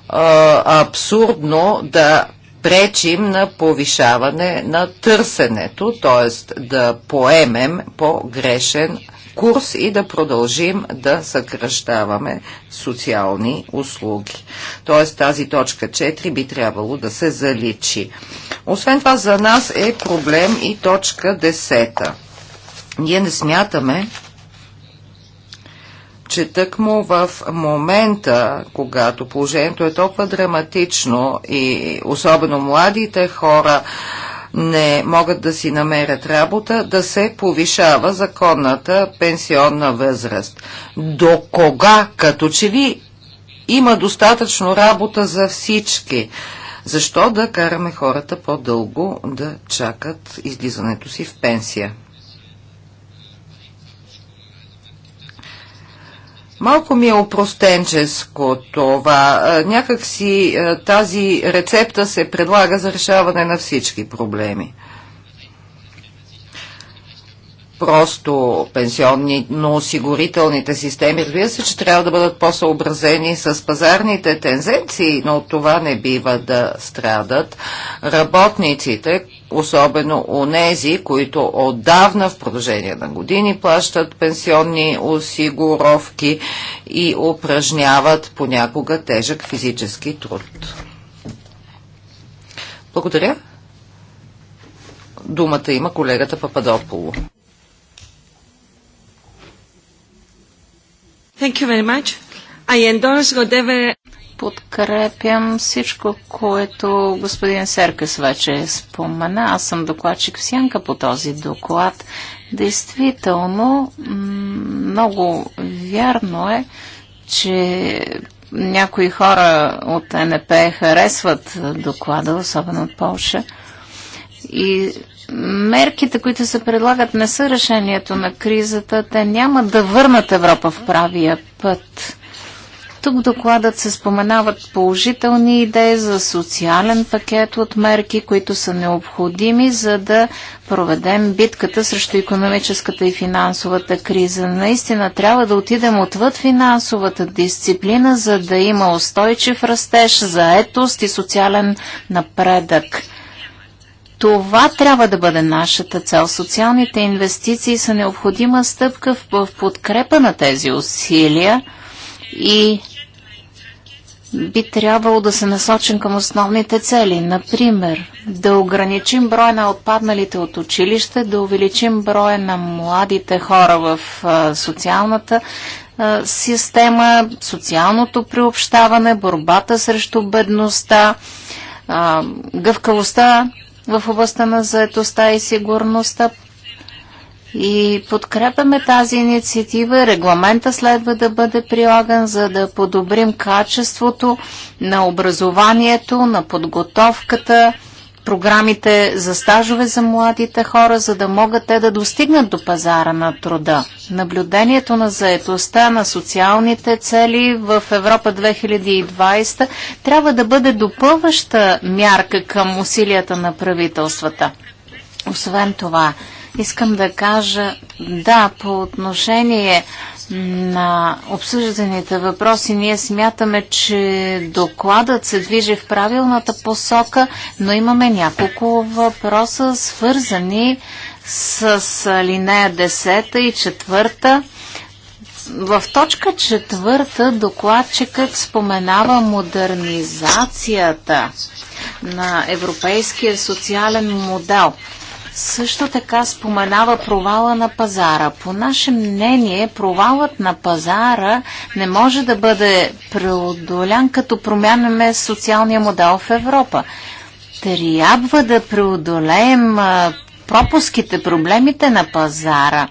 S1: а, абсурдно да пречим на повишаване на търсенето, т.е. да поемем по грешен курс и да продължим да съкръщаваме социални услуги. Т.е. тази точка 4 би трябвало да се заличи. Освен това за нас е проблем и точка 10. Ние не смятаме, че тък му в момента, когато положението е толкова драматично и особено младите хора не могат да си намерят работа, да се повишава законната пенсионна възраст. До кога? Като че ли има достатъчно работа за всички. Защо да караме хората по-дълго да чакат излизането си в пенсия? Малко ми е опростенческо това. Е, някак си е, тази рецепта се предлага за решаване на всички проблеми. Просто но осигурителните системи, разбира се, че трябва да бъдат по-съобразени с пазарните тенденции, но от това не бива да страдат работниците, особено у нези, които отдавна в продължение на години плащат пенсионни осигуровки и упражняват понякога тежък физически труд. Благодаря. Думата има колегата Пападополо.
S3: Thank you very much. I endorse whatever подкрепям всичко, което господин Серкес вече спомена. Аз съм докладчик в сянка по този доклад. Действително, много вярно е, че някои хора от НП харесват доклада, особено от Полша. И мерките, които се предлагат, не са решението на кризата. Те няма да върнат Европа в правия път. Тук докладът се споменават положителни идеи за социален пакет от мерки, които са необходими, за да проведем битката срещу економическата и финансовата криза. Наистина трябва да отидем отвъд финансовата дисциплина, за да има устойчив растеж, заетост и социален напредък. Това трябва да бъде нашата цел. Социалните инвестиции са необходима стъпка в подкрепа на тези усилия и би трябвало да се насочим към основните цели. Например, да ограничим броя на отпадналите от училище, да увеличим броя на младите хора в а, социалната а, система, социалното приобщаване, борбата срещу бедността, а, гъвкавостта в областта на заетостта и сигурността, и подкрепяме тази инициатива. Регламента следва да бъде прилаган, за да подобрим качеството на образованието, на подготовката, програмите за стажове за младите хора, за да могат те да достигнат до пазара на труда. Наблюдението на заетостта на социалните цели в Европа 2020 трябва да бъде допълваща мярка към усилията на правителствата. Освен това, Искам да кажа, да, по отношение на обсъжданите въпроси ние смятаме, че докладът се движи в правилната посока, но имаме няколко въпроса, свързани с, линея линия 10 и 4. В точка четвърта докладчикът споменава модернизацията на европейския социален модел също така споменава провала на пазара. По наше мнение, провалът на пазара не може да бъде преодолян, като промяняме социалния модел в Европа. Трябва да преодолеем пропуските, проблемите на пазара.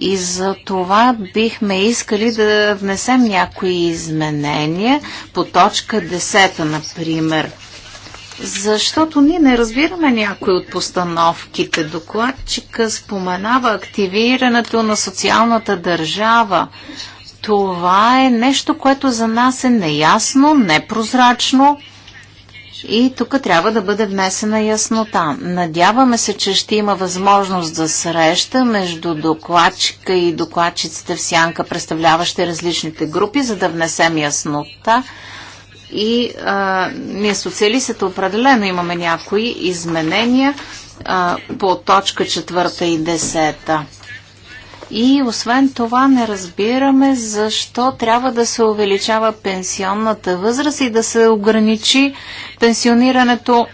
S3: И за това бихме искали да внесем някои изменения по точка 10, например защото ние не разбираме някои от постановките. Докладчика споменава активирането на социалната държава. Това е нещо, което за нас е неясно, непрозрачно и тук трябва да бъде внесена яснота. Надяваме се, че ще има възможност за да среща между докладчика и докладчиците в сянка, представляващи различните групи, за да внесем яснота и а, ние социалистите определено имаме някои изменения а, по точка четвърта и десета. И освен това не разбираме защо трябва да се увеличава пенсионната възраст и да се ограничи пенсионирането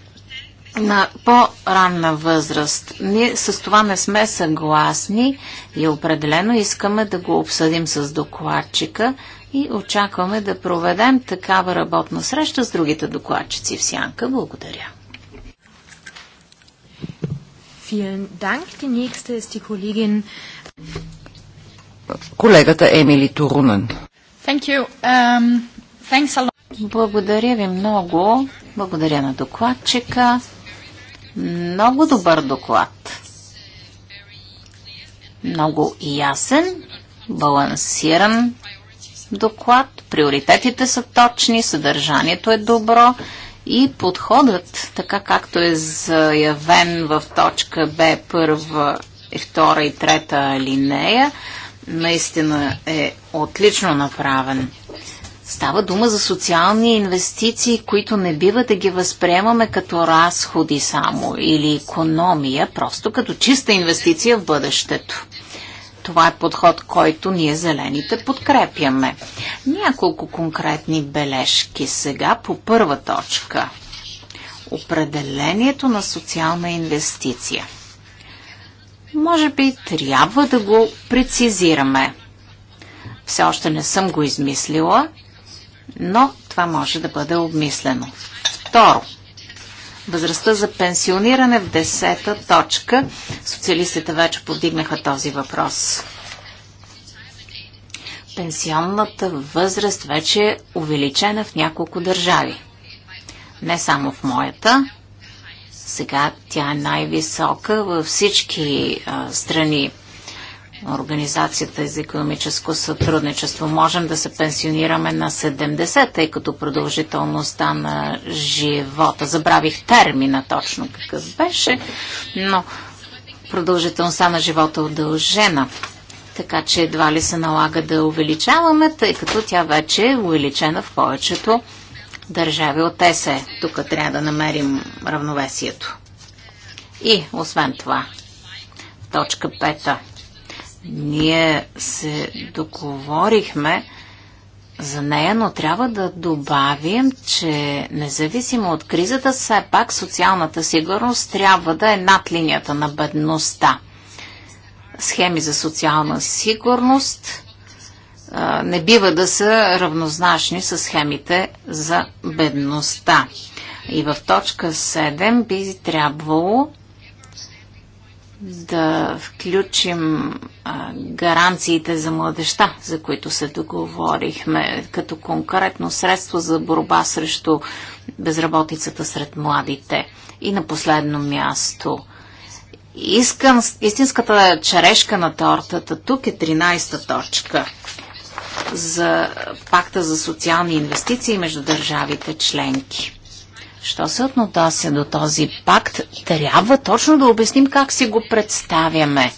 S3: на по-ранна възраст. Ние с това не сме съгласни и определено искаме да го обсъдим с докладчика и очакваме да проведем такава работна среща с другите докладчици в Сянка. Благодаря.
S1: Колегата Емили Турунен.
S3: Um, Благодаря ви много. Благодаря на докладчика. Много добър доклад. Много ясен, балансиран доклад. Приоритетите са точни, съдържанието е добро и подходът, така както е заявен в точка Б, първа, и втора и трета линея, наистина е отлично направен. Става дума за социални инвестиции, които не бива да ги възприемаме като разходи само или економия, просто като чиста инвестиция в бъдещето. Това е подход, който ние зелените подкрепяме. Няколко конкретни бележки сега по първа точка. Определението на социална инвестиция. Може би трябва да го прецизираме. Все още не съм го измислила, но това може да бъде обмислено. Второ, възрастта за пенсиониране в 10-та точка. Социалистите вече подигнаха този въпрос. Пенсионната възраст вече е увеличена в няколко държави. Не само в моята. Сега тя е най-висока във всички а, страни Организацията за економическо сътрудничество. Можем да се пенсионираме на 70, тъй като продължителността на живота. Забравих термина точно какъв беше, но продължителността на живота е удължена. Така че едва ли се налага да увеличаваме, тъй като тя вече е увеличена в повечето държави от ЕСЕ. Тук трябва да намерим равновесието. И, освен това, точка 5 ние се договорихме за нея, но трябва да добавим, че независимо от кризата, все пак социалната сигурност трябва да е над линията на бедността. Схеми за социална сигурност не бива да са равнозначни с схемите за бедността. И в точка 7 би трябвало да включим а, гаранциите за младеща, за които се договорихме, като конкретно средство за борба срещу безработицата сред младите. И на последно място. Искам, истинската черешка на тортата тук е 13-та точка за пакта за социални инвестиции между държавите членки. Що се отнася до този пакт, трябва точно да обясним как си го представяме.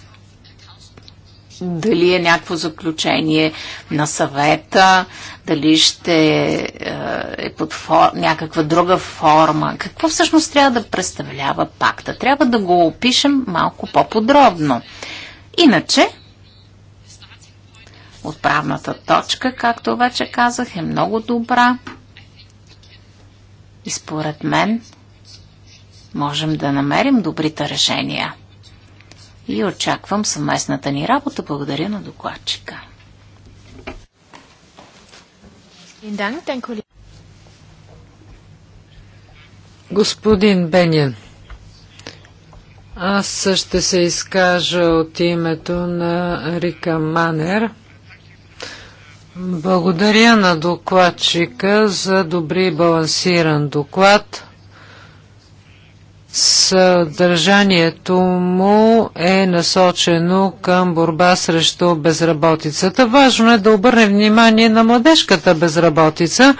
S3: Дали е някакво заключение на съвета, дали ще е, е под фор... някаква друга форма. Какво всъщност трябва да представлява пакта? Трябва да го опишем малко по-подробно. Иначе, отправната точка, както вече казах, е много добра и според мен можем да намерим добрите решения. И очаквам съвместната ни работа. Благодаря на докладчика.
S2: Господин Бенин, аз ще се изкажа от името на Рика Манер – благодаря на докладчика за добри балансиран доклад. Съдържанието му е насочено към борба срещу безработицата. Важно е да обърнем внимание на младежката безработица.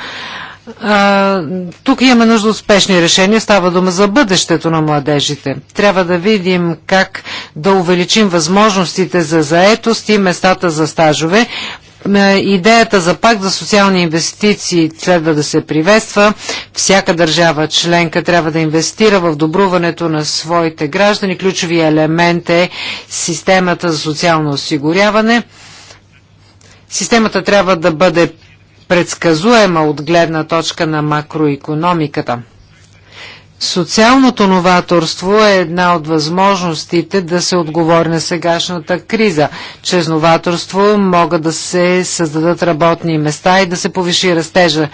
S2: А, тук имаме нужда от спешни решения. Става дума за бъдещето на младежите. Трябва да видим как да увеличим възможностите за заетост и местата за стажове. Е, идеята за пакт за социални инвестиции следва да се приветства. Всяка държава членка трябва да инвестира в добруването на своите граждани. Ключови елемент е системата за социално осигуряване. Системата трябва да бъде предсказуема от гледна точка на макроекономиката. Социалното новаторство е една от възможностите да се отговори на сегашната криза. Чрез новаторство могат да се създадат работни места и да се повиши растежа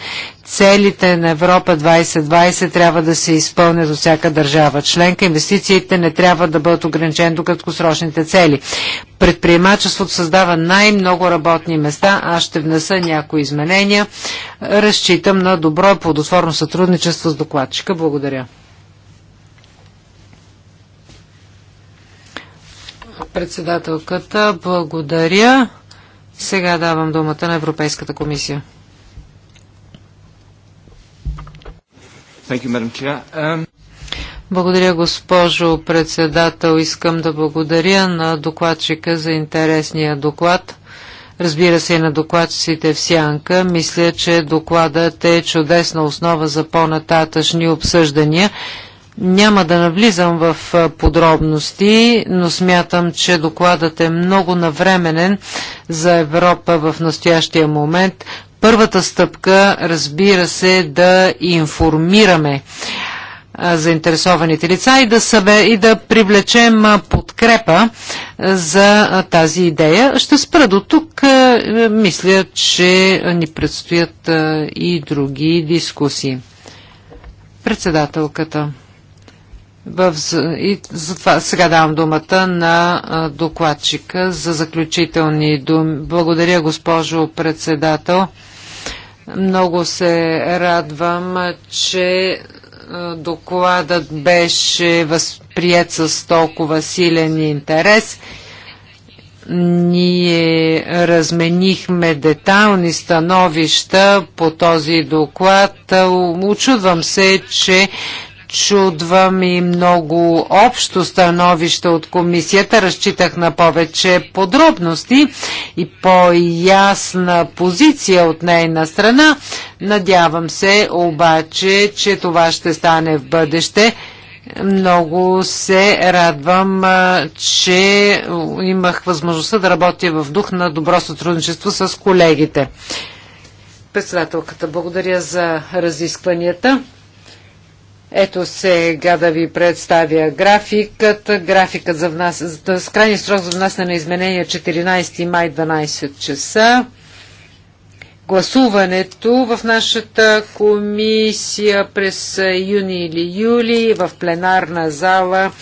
S2: целите на Европа 2020 трябва да се изпълнят за всяка държава членка. Инвестициите не трябва да бъдат ограничени до краткосрочните цели. Предприемачеството създава най-много работни места. Аз ще внеса някои изменения. Разчитам на добро и плодотворно сътрудничество с докладчика. Благодаря. Председателката, благодаря. Сега давам думата на Европейската комисия. Thank you, Madam Chair. Um... Благодаря, госпожо председател. Искам да благодаря на докладчика за интересния доклад. Разбира се и на докладчиците в Сянка. Мисля, че докладът е чудесна основа за по-нататъчни обсъждания. Няма да навлизам в подробности, но смятам, че докладът е много навременен за Европа в настоящия момент. Първата стъпка, разбира се, да информираме заинтересованите лица и да, събе, и да привлечем подкрепа за тази идея. Ще спра до тук. Мисля, че ни предстоят и други дискусии. Председателката. В... И затова сега давам думата на докладчика за заключителни думи. Благодаря, госпожо председател. Много се радвам, че докладът беше възприят с толкова силен интерес. Ние разменихме детални становища по този доклад. Очудвам се, че Чудвам и много общо становище от комисията. Разчитах на повече подробности и по-ясна позиция от нейна страна. Надявам се обаче, че това ще стане в бъдеще. Много се радвам, че имах възможността да работя в дух на добро сътрудничество с колегите. Председателката, благодаря за разискванията. Ето сега да ви представя графикът. Графикът за внас... с крайни срок за внасяне на изменения 14 е май 12 часа. Гласуването в нашата комисия през юни или юли в пленарна зала.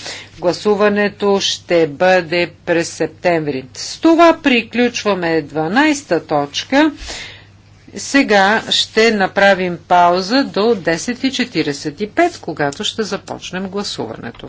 S2: Гласуването ще бъде през септември. С това приключваме 12 та точка. Сега ще направим пауза до 10.45, когато ще започнем гласуването.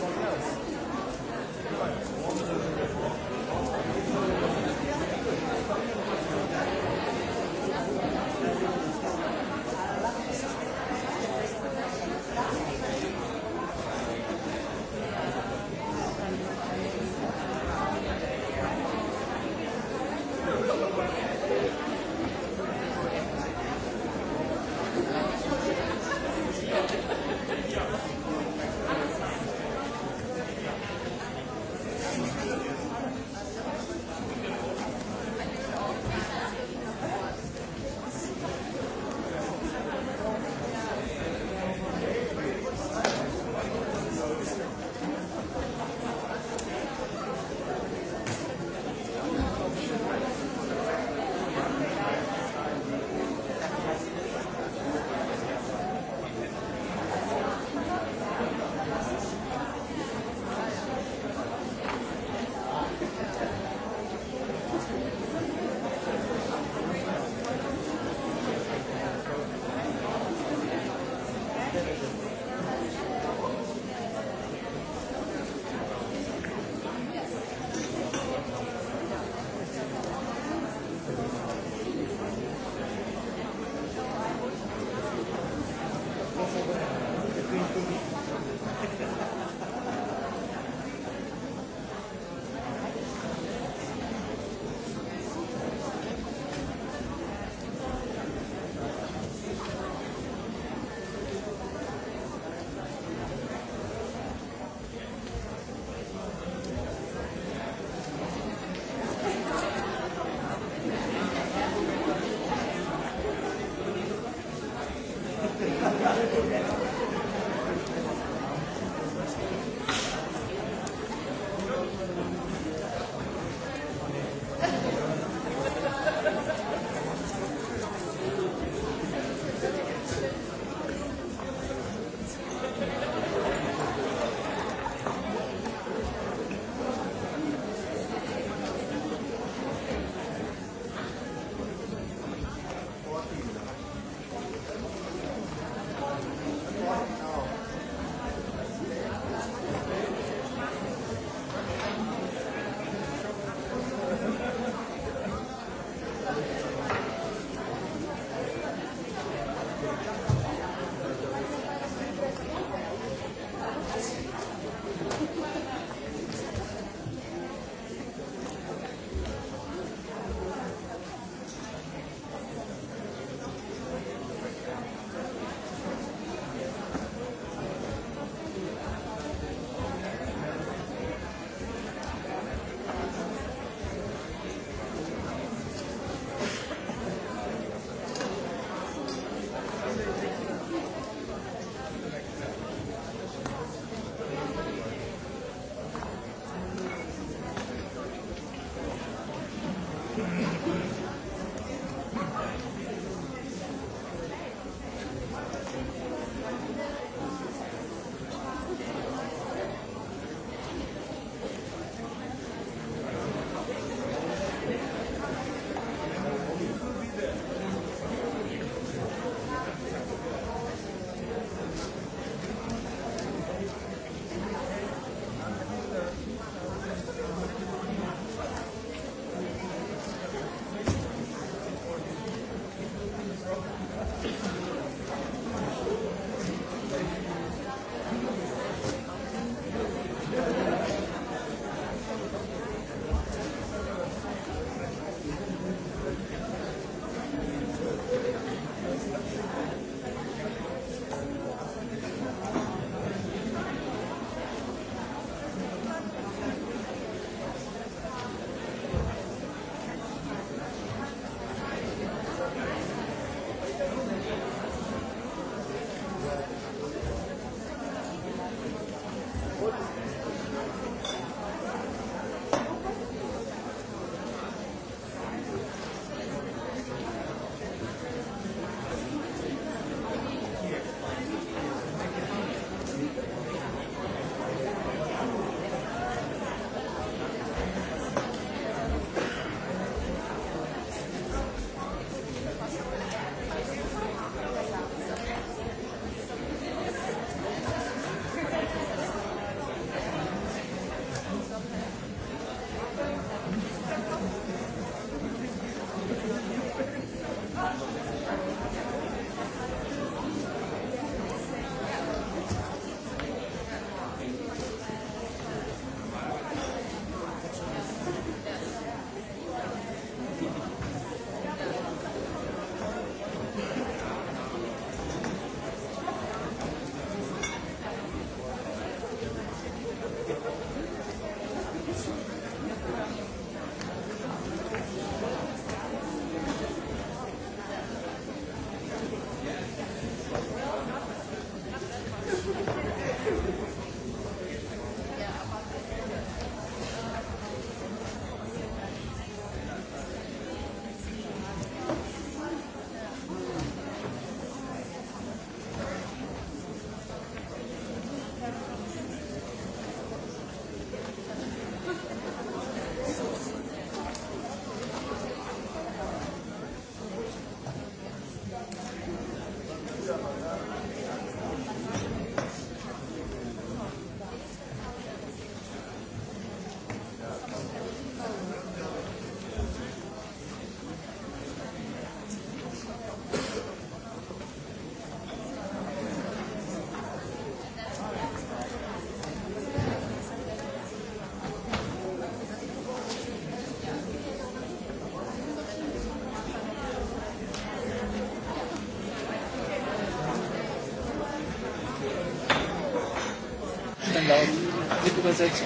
S3: übersetzt.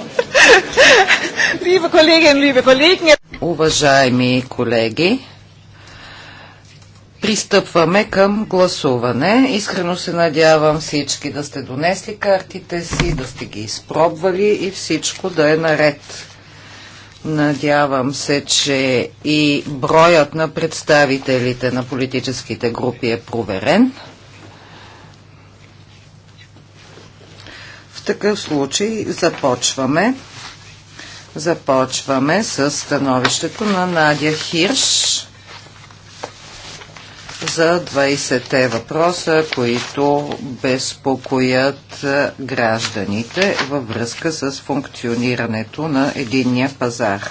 S3: liebe Kolleginnen,
S1: liebe Kollegen. Уважаеми колеги, пристъпваме към гласуване. Искрено се надявам всички да сте донесли картите си, да сте ги изпробвали и всичко да е наред. Надявам се, че и броят на представителите на политическите групи е проверен. такъв случай започваме. Започваме с становището на Надя Хирш за 20-те въпроса, които безпокоят гражданите във връзка с функционирането на единния пазар.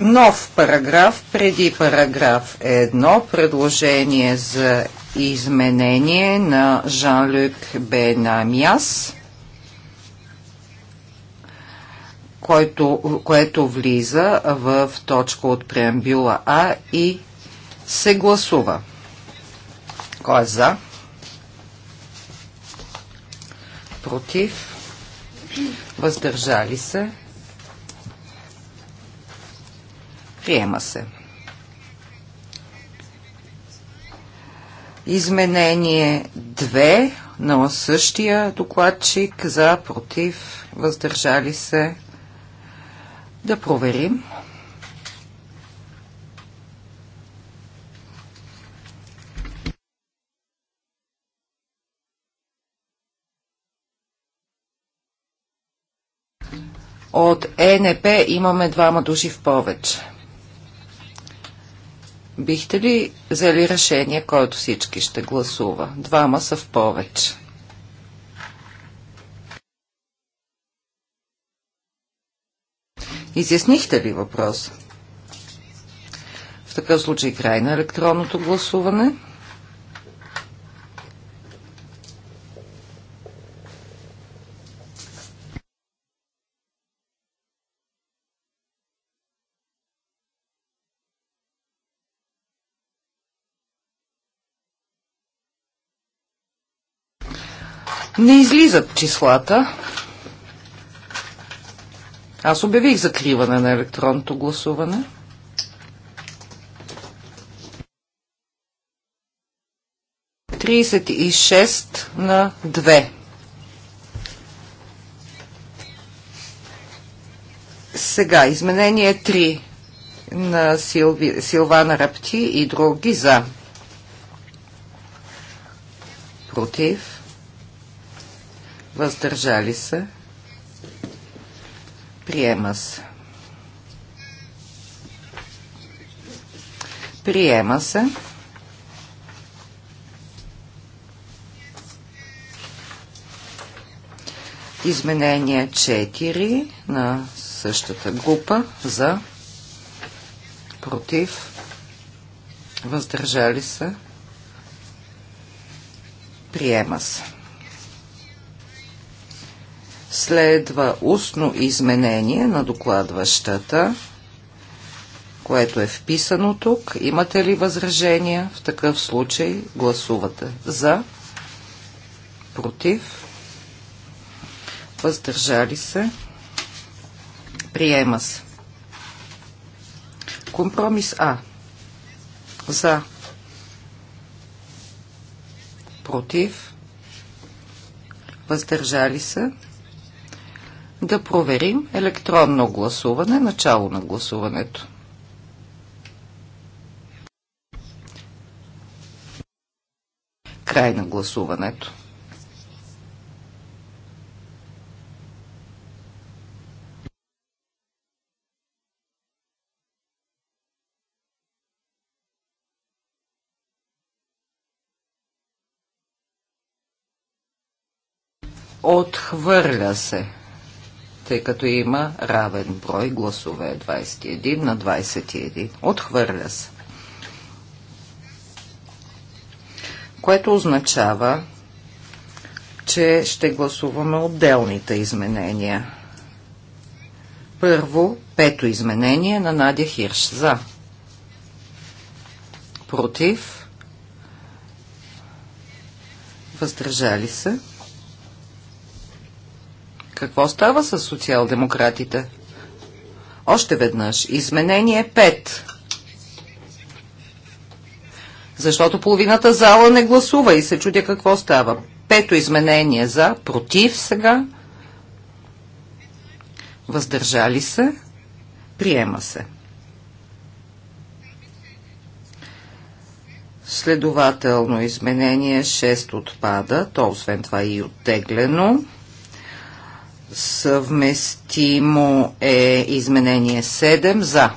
S1: Нов параграф преди параграф 1, предложение за изменение на Жан-Люк Бенамиас, който, което влиза в точка от преамбюла А и се гласува. Кой е за? Против? Въздържали се? Приема се. Изменение 2 на същия докладчик за против, въздържали се. Да проверим. От ЕНП имаме двама души в повече бихте ли взели решение, което всички ще гласува? Двама са в повече. Изяснихте ли въпроса? В такъв случай край на електронното гласуване. Не излизат числата. Аз обявих закриване на електронното гласуване. Тридесет и шест на две. Сега, изменение 3 на Силви, Силвана Рапти и други за. Против въздържали се, приема се. Приема се. Изменение 4 на същата група за против въздържали се приема се. Следва устно изменение на докладващата, което е вписано тук. Имате ли възражения? В такъв случай гласувате за, против, въздържали се, приема се. Компромис А. За. Против. Въздържали се да проверим електронно гласуване, начало на гласуването. Край на гласуването. Отхвърля се тъй като има равен брой гласове 21 на 21. Отхвърля се. Което означава, че ще гласуваме отделните изменения. Първо, пето изменение на Надя Хирш. За. Против. Въздържали се. Какво става с социал-демократите? Още веднъж. Изменение 5. Защото половината зала не гласува и се чудя какво става. Пето изменение за, против сега. Въздържали се. Приема се. Следователно изменение 6 отпада, то освен това и е оттеглено. Съвместимо е изменение 7 за.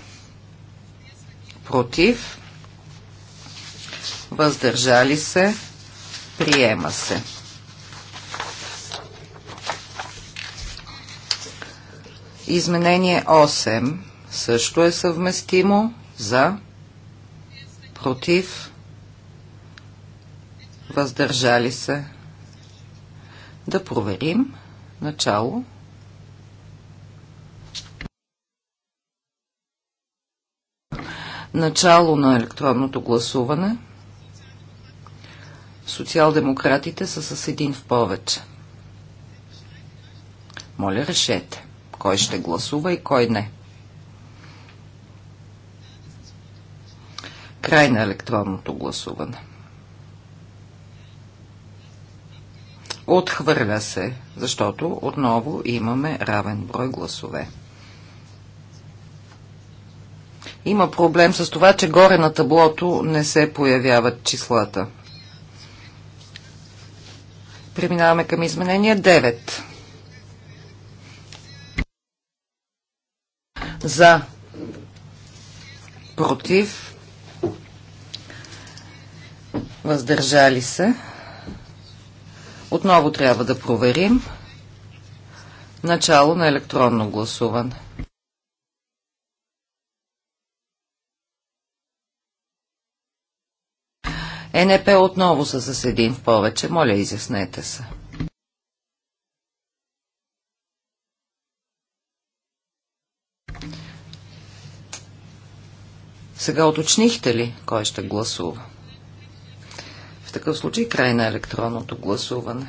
S1: Против. Въздържали се. Приема се. Изменение 8 също е съвместимо за, против, въздържали се. Да проверим. Начало. Начало на електронното гласуване. Социал-демократите са с един в повече. Моля, решете. Кой ще гласува и кой не. Край на електронното гласуване. Отхвърля се, защото отново имаме равен брой гласове. Има проблем с това, че горе на таблото не се появяват числата. Преминаваме към изменение 9. За. Против. Въздържали се. Отново трябва да проверим начало на електронно гласуване. Е НП отново са с един в повече. Моля, изяснете се. Сега уточнихте ли кой ще гласува? такъв случай край на електронното гласуване.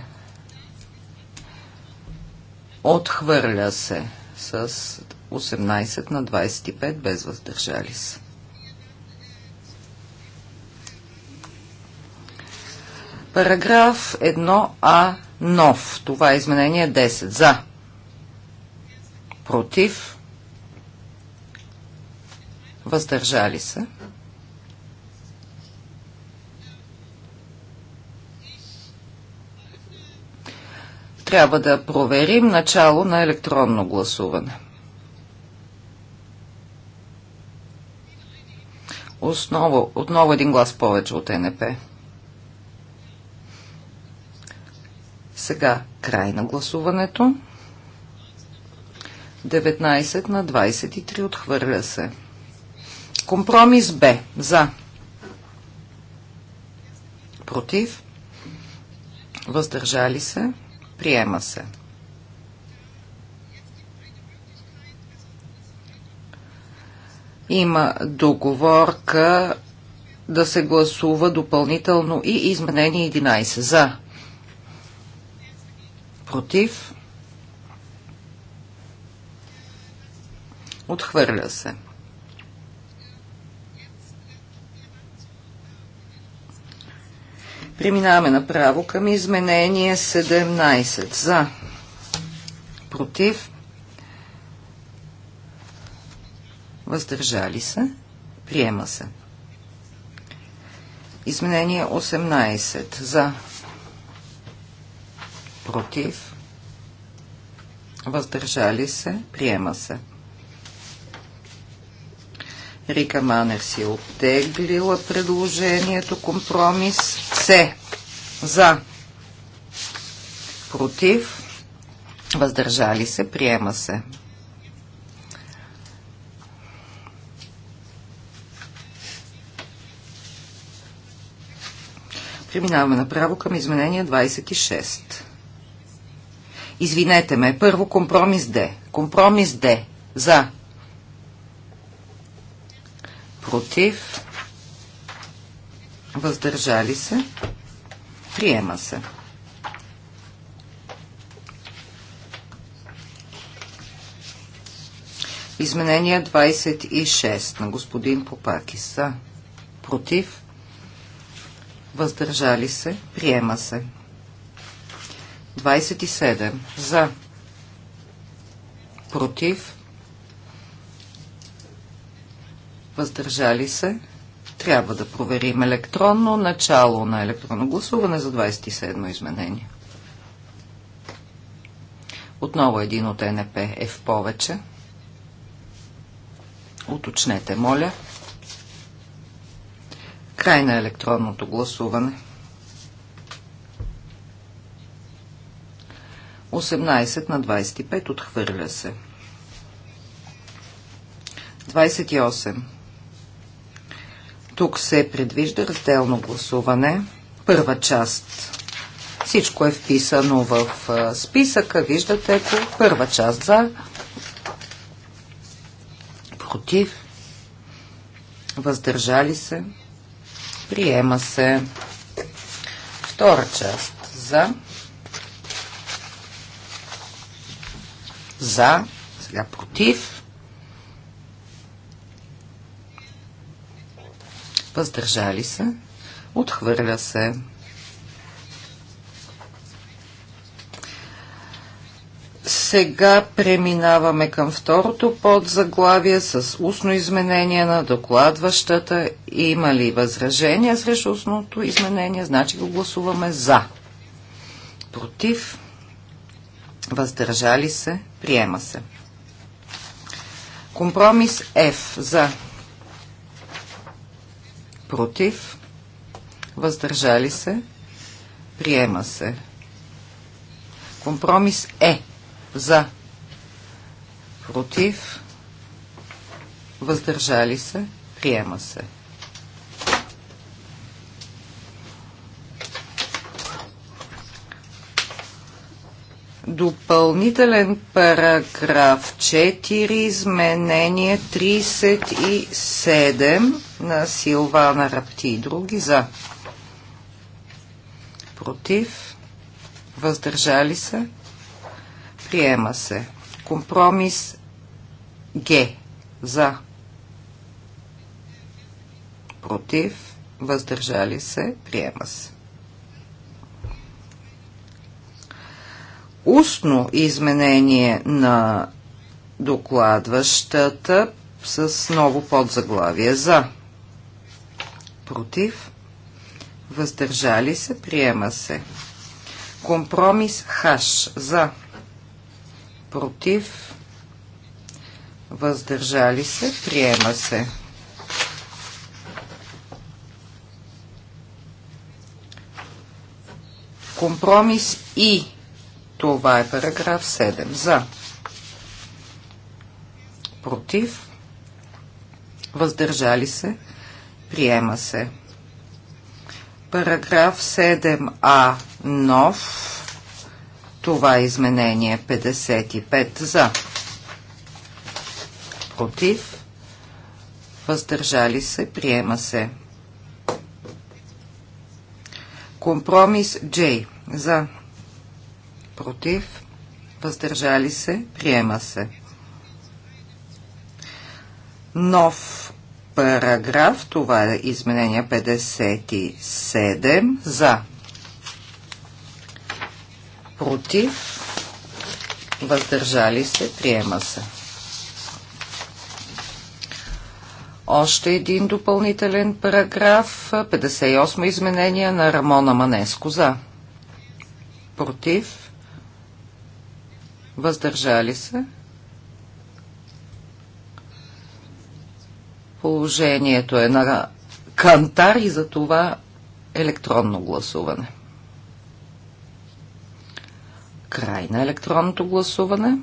S1: Отхвърля се с 18 на 25 без въздържали се. Параграф 1А нов. Това е изменение 10. За. Против. Въздържали се. трябва да проверим начало на електронно гласуване. Осново, отново един глас повече от НП. Сега край на гласуването. 19 на 23 отхвърля се. Компромис Б. За. Против. Въздържали се. Приема се. Има договорка да се гласува допълнително и изменение 11. За. Против. Отхвърля се. Преминаваме направо към изменение 17. За. Против. Въздържали се. Приема се. Изменение 18. За. Против. Въздържали се. Приема се. Рика Манев си е оттеглила предложението. Компромис С. За. Против. Въздържали се. Приема се. Преминаваме направо към изменение 26. Извинете ме. Първо компромис Д. Компромис Д. За против, въздържали се, приема се. Изменение 26 на господин Попаки са против, въздържали се, приема се. 27 за, против, въздържали се. Трябва да проверим електронно начало на електронно гласуване за 27 изменение. Отново един от НП е в повече. Уточнете, моля. Край на електронното гласуване. 18 на 25 отхвърля се. 28. Тук се предвижда разделно гласуване. Първа част. Всичко е вписано в списъка. Виждате го, първа част за против въздържали се приема се втора част за за сега против въздържали се, отхвърля се. Сега преминаваме към второто подзаглавие с устно изменение на докладващата. Има ли възражение срещу устното изменение? Значи го гласуваме за. Против? Въздържали се? Приема се. Компромис F за против, въздържали се, приема се. Компромис е за, против, въздържали се, приема се. Допълнителен параграф 4, изменение 37 на Силвана Рапти и други за. Против. Въздържали се. Приема се. Компромис Г. За. Против. Въздържали се. Приема се. Устно изменение на докладващата с ново подзаглавие за против, въздържали се, приема се. Компромис хаш за, против, въздържали се, приема се. Компромис и това е параграф 7 за, против, въздържали се, приема се Приема се. Параграф 7а нов. Това е изменение 55 за. Против. Въздържали се. Приема се. Компромис J. За. Против. Въздържали се. Приема се. Нов параграф, това е изменение 57, за, против, въздържали се, приема се. Още един допълнителен параграф, 58 изменение на Рамона Манеско за. Против, въздържали се, Положението е на кантар и за това електронно гласуване. Край на електронното гласуване.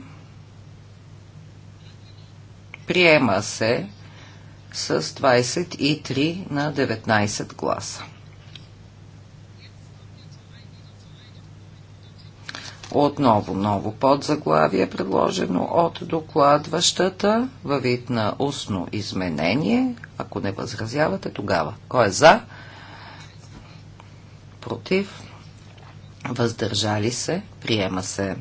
S1: Приема се с 23 на 19 гласа. Отново ново подзаглавие, предложено от докладващата във вид на устно изменение. Ако не възразявате, тогава. Кой е за? Против? Въздържали се? Приема се.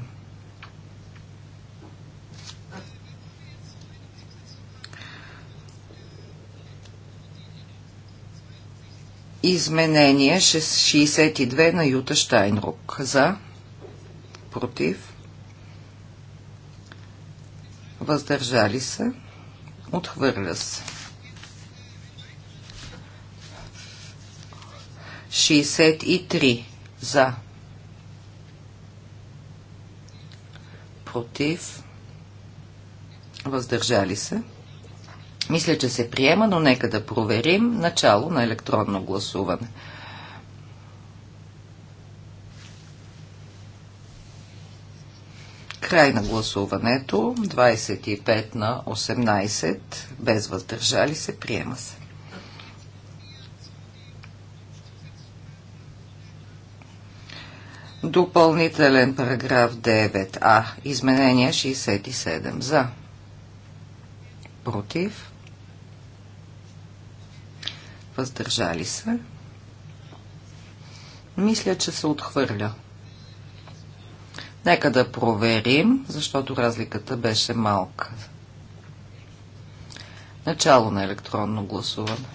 S1: Изменение 62 на Юта Штайнрук. За? против, въздържали се, отхвърля се. 63 за, против, въздържали се. Мисля, че се приема, но нека да проверим начало на електронно гласуване – Край на гласуването. 25 на 18. Без въздържали се. Приема се. Допълнителен параграф 9а. Изменение 67. За. Против. Въздържали се. Мисля, че се отхвърля. Нека да проверим, защото разликата беше малка. Начало на електронно гласуване.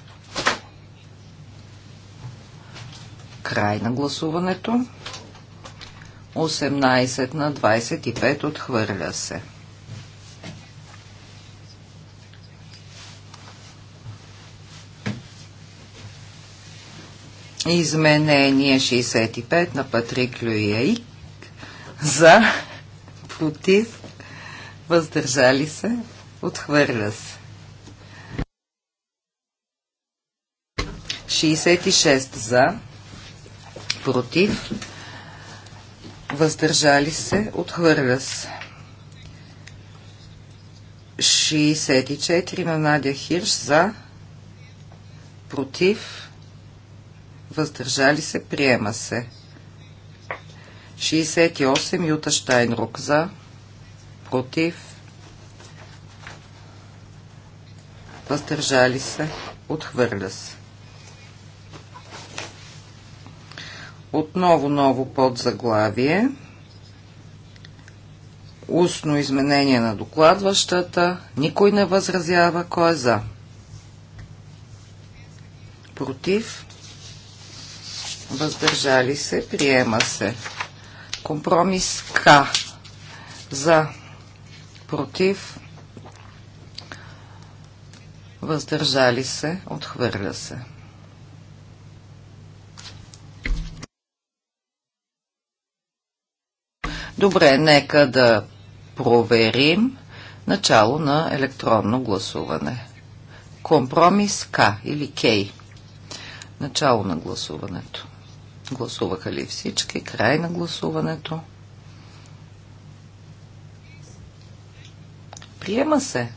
S1: Край на гласуването. 18 на 25 отхвърля се. Изменение 65 на Патрик Люяик за, против, въздържали се, отхвърля се. 66 за, против, въздържали се, отхвърля се. 64 на Надя Хирш за, против, въздържали се, приема се. 68 Юта Штайнрук за, против, въздържали се, отхвърля се. Отново ново подзаглавие. Устно изменение на докладващата. Никой не възразява. Кой е за? Против? Въздържали се? Приема се. Компромис К. За. Против. Въздържали се. Отхвърля се. Добре, нека да проверим начало на електронно гласуване. Компромис К или К. Начало на гласуването. Гласуваха ли всички? Край на гласуването. Приема се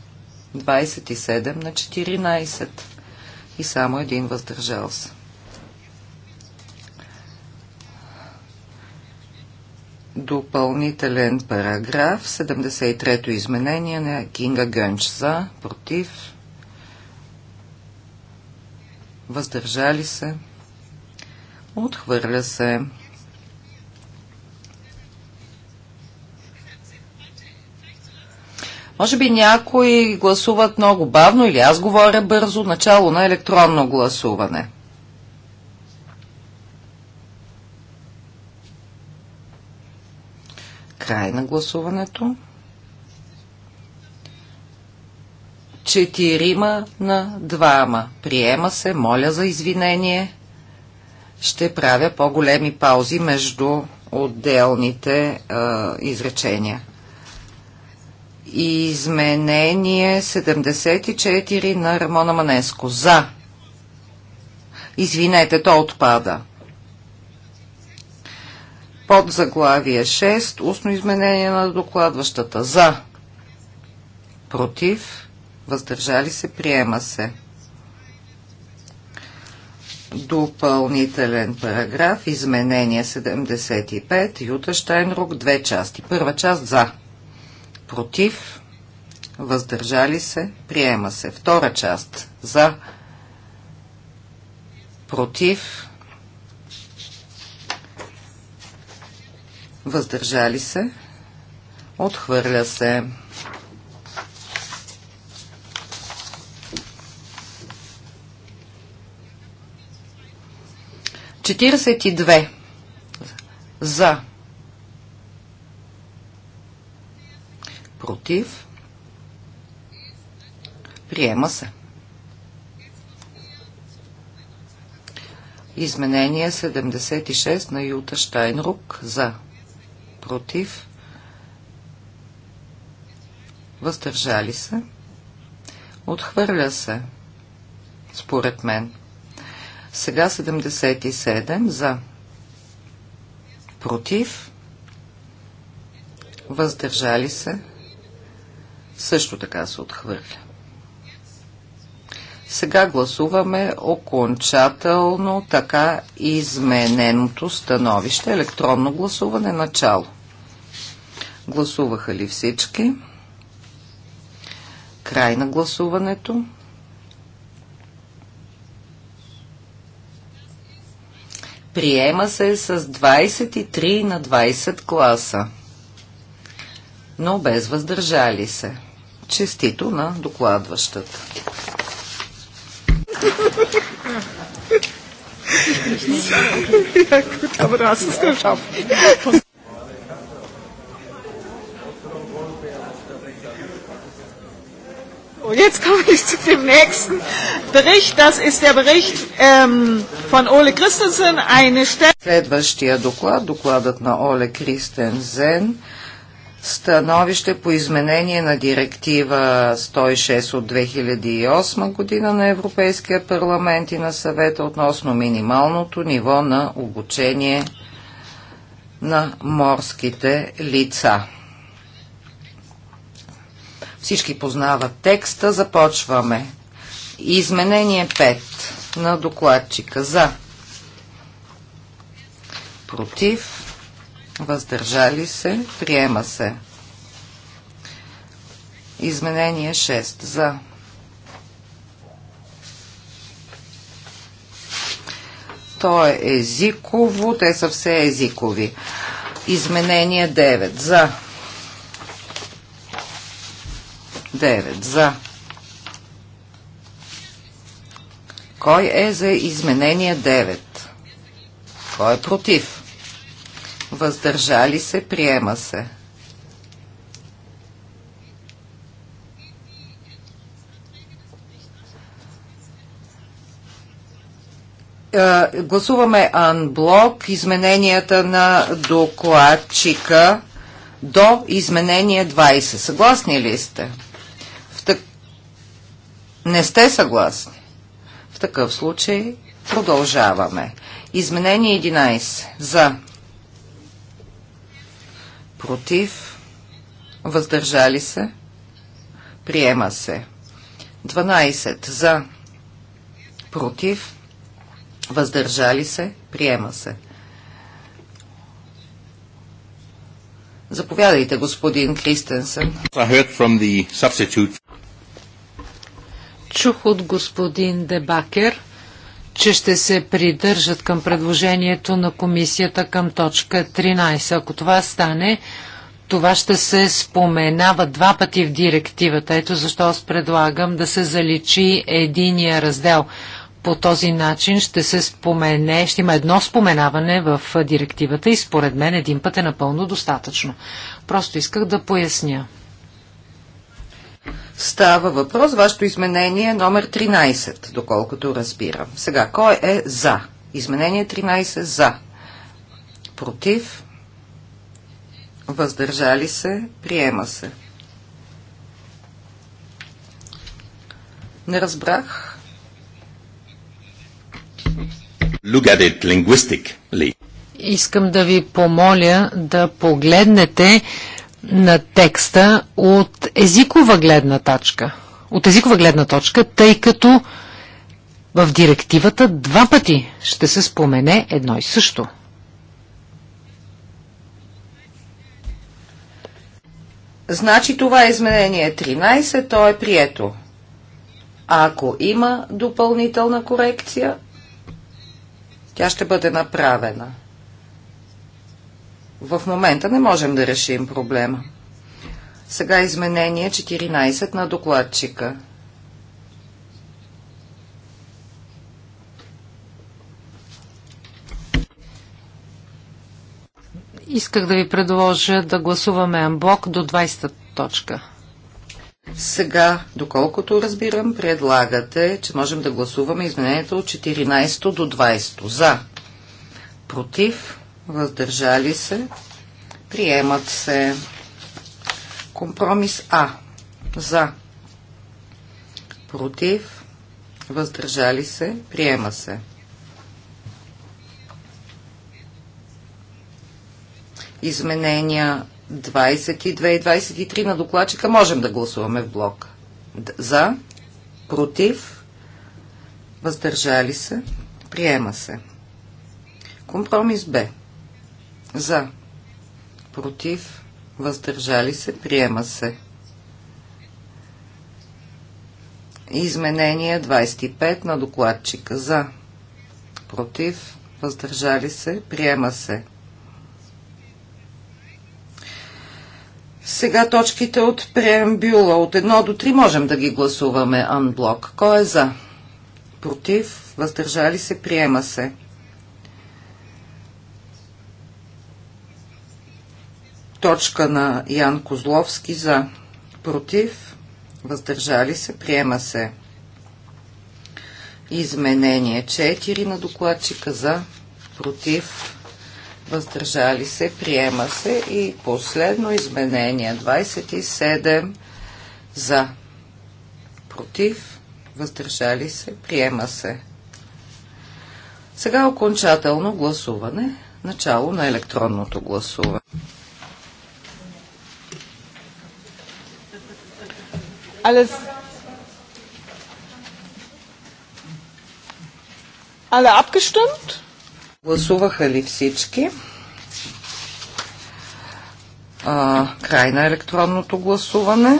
S1: 27 на 14 и само един въздържал се. Допълнителен параграф 73-то изменение на Кинга Гънч за, против, въздържали се. Отхвърля се. Може би някои гласуват много бавно или аз говоря бързо, начало на електронно гласуване. Край на гласуването. Четирима на двама. Приема се, моля за извинение ще правя по-големи паузи между отделните а, изречения. Изменение 74 на Рамона Манеско. За. Извинете, то отпада. Под заглавие 6. Устно изменение на докладващата. За. Против. Въздържали се. Приема се допълнителен параграф, изменение 75, Юта Штайнрук, две части. Първа част за, против, въздържали се, приема се. Втора част за, против, въздържали се, отхвърля се. 42 за против приема се. Изменение 76 на Юта Штайнрук за против въздържали се отхвърля се според мен. Сега 77 за. Против. Въздържали се. Също така се отхвърля. Сега гласуваме окончателно така измененото становище. Електронно гласуване начало. Гласуваха ли всички? Край на гласуването. Приема се с 23 на 20 класа, но без въздържали се. Честито на докладващата.
S2: Aber du hast es
S1: So, jetzt komme ich zu dem nächsten Bericht. Das ist der Bericht ähm, von Ole Christensen. Eine Stelle. Следващия доклад, докладът на Оле Кристензен, становище по изменение на директива 106 от 2008 година на Европейския парламент и на съвета относно минималното ниво на обучение на морските лица. Всички познават текста. Започваме. Изменение 5 на докладчика. За. Против. Въздържали се. Приема се. Изменение 6. За. То е езиково. Те са все езикови. Изменение 9. За. 9 за. Кой е за изменение 9? Кой е против? Въздържали се, приема се. Е, гласуваме анблок измененията на докладчика до изменение 20. Съгласни ли сте? Не сте съгласни. В такъв случай продължаваме. Изменение 11. За. Против. Въздържали се. Приема се. 12. За. Против. Въздържали се. Приема се.
S2: Заповядайте, господин Кристенсен. Чух от господин Дебакер, че ще се придържат към предложението на комисията към точка 13. Ако това стане, това ще се споменава два пъти в директивата. Ето защо аз предлагам да се заличи единия раздел. По този начин ще се спомене, ще има едно споменаване в директивата и според мен един път е напълно достатъчно. Просто исках да поясня
S1: става въпрос. Вашето изменение номер 13, доколкото разбирам. Сега, кой е за? Изменение 13 за. Против? Въздържали се? Приема се.
S2: Не разбрах. Look at it linguistically. Искам да ви помоля да погледнете на текста от езикова гледна точка. От езикова гледна точка, тъй като в директивата два пъти ще се спомене едно и също.
S1: Значи това е изменение 13, то е прието. А ако има допълнителна корекция, тя ще бъде направена. В момента не можем да решим проблема. Сега изменение 14 на докладчика.
S2: Исках да ви предложа да гласуваме амблок до 20-та точка. Сега,
S1: доколкото разбирам, предлагате, че можем да гласуваме изменението от 14 до 20. За. Против въздържали се, приемат се. Компромис А. За, против, въздържали се, приема се. Изменения 22 и 23 на докладчика можем да гласуваме в блок. За, против, въздържали се, приема се. Компромис Б. За. Против. Въздържали се. Приема се. Изменение 25 на докладчика. За. Против. Въздържали се. Приема се. Сега точките от преамбюла от 1 до 3 можем да ги гласуваме анблок. Кой е за? Против? Въздържали се? Приема се. точка на Ян Козловски за против, въздържали се, приема се. Изменение 4 на докладчика за против, въздържали се, приема се и последно изменение 27 за против, въздържали се, приема се. Сега окончателно гласуване, начало на електронното гласуване. alles. Alle abgestimmt? Гласуваха ли всички? А, край на електронното гласуване.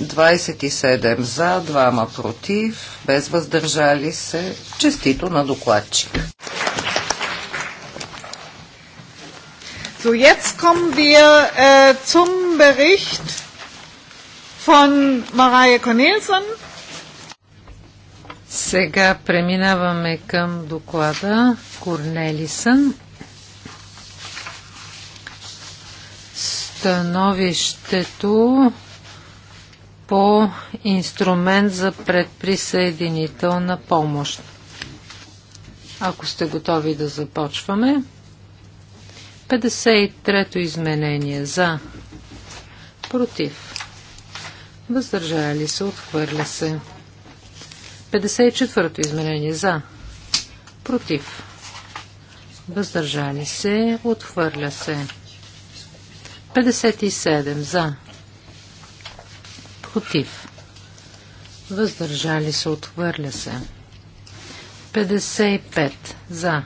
S1: 27 за, 2 против, без въздържали се. Честито на докладчик.
S2: So, jetzt kommen wir äh, zum Bericht von Марая Корнелсън. Сега преминаваме към доклада Корнелисън. Становището по инструмент за предприсъединителна помощ. Ако сте готови да започваме. 53-то изменение за против Въздържали се, отхвърля се. 54-то изменение за. Против. Въздържали се, отхвърля се. 57 за. Против. Въздържали се, отхвърля се. 55 за.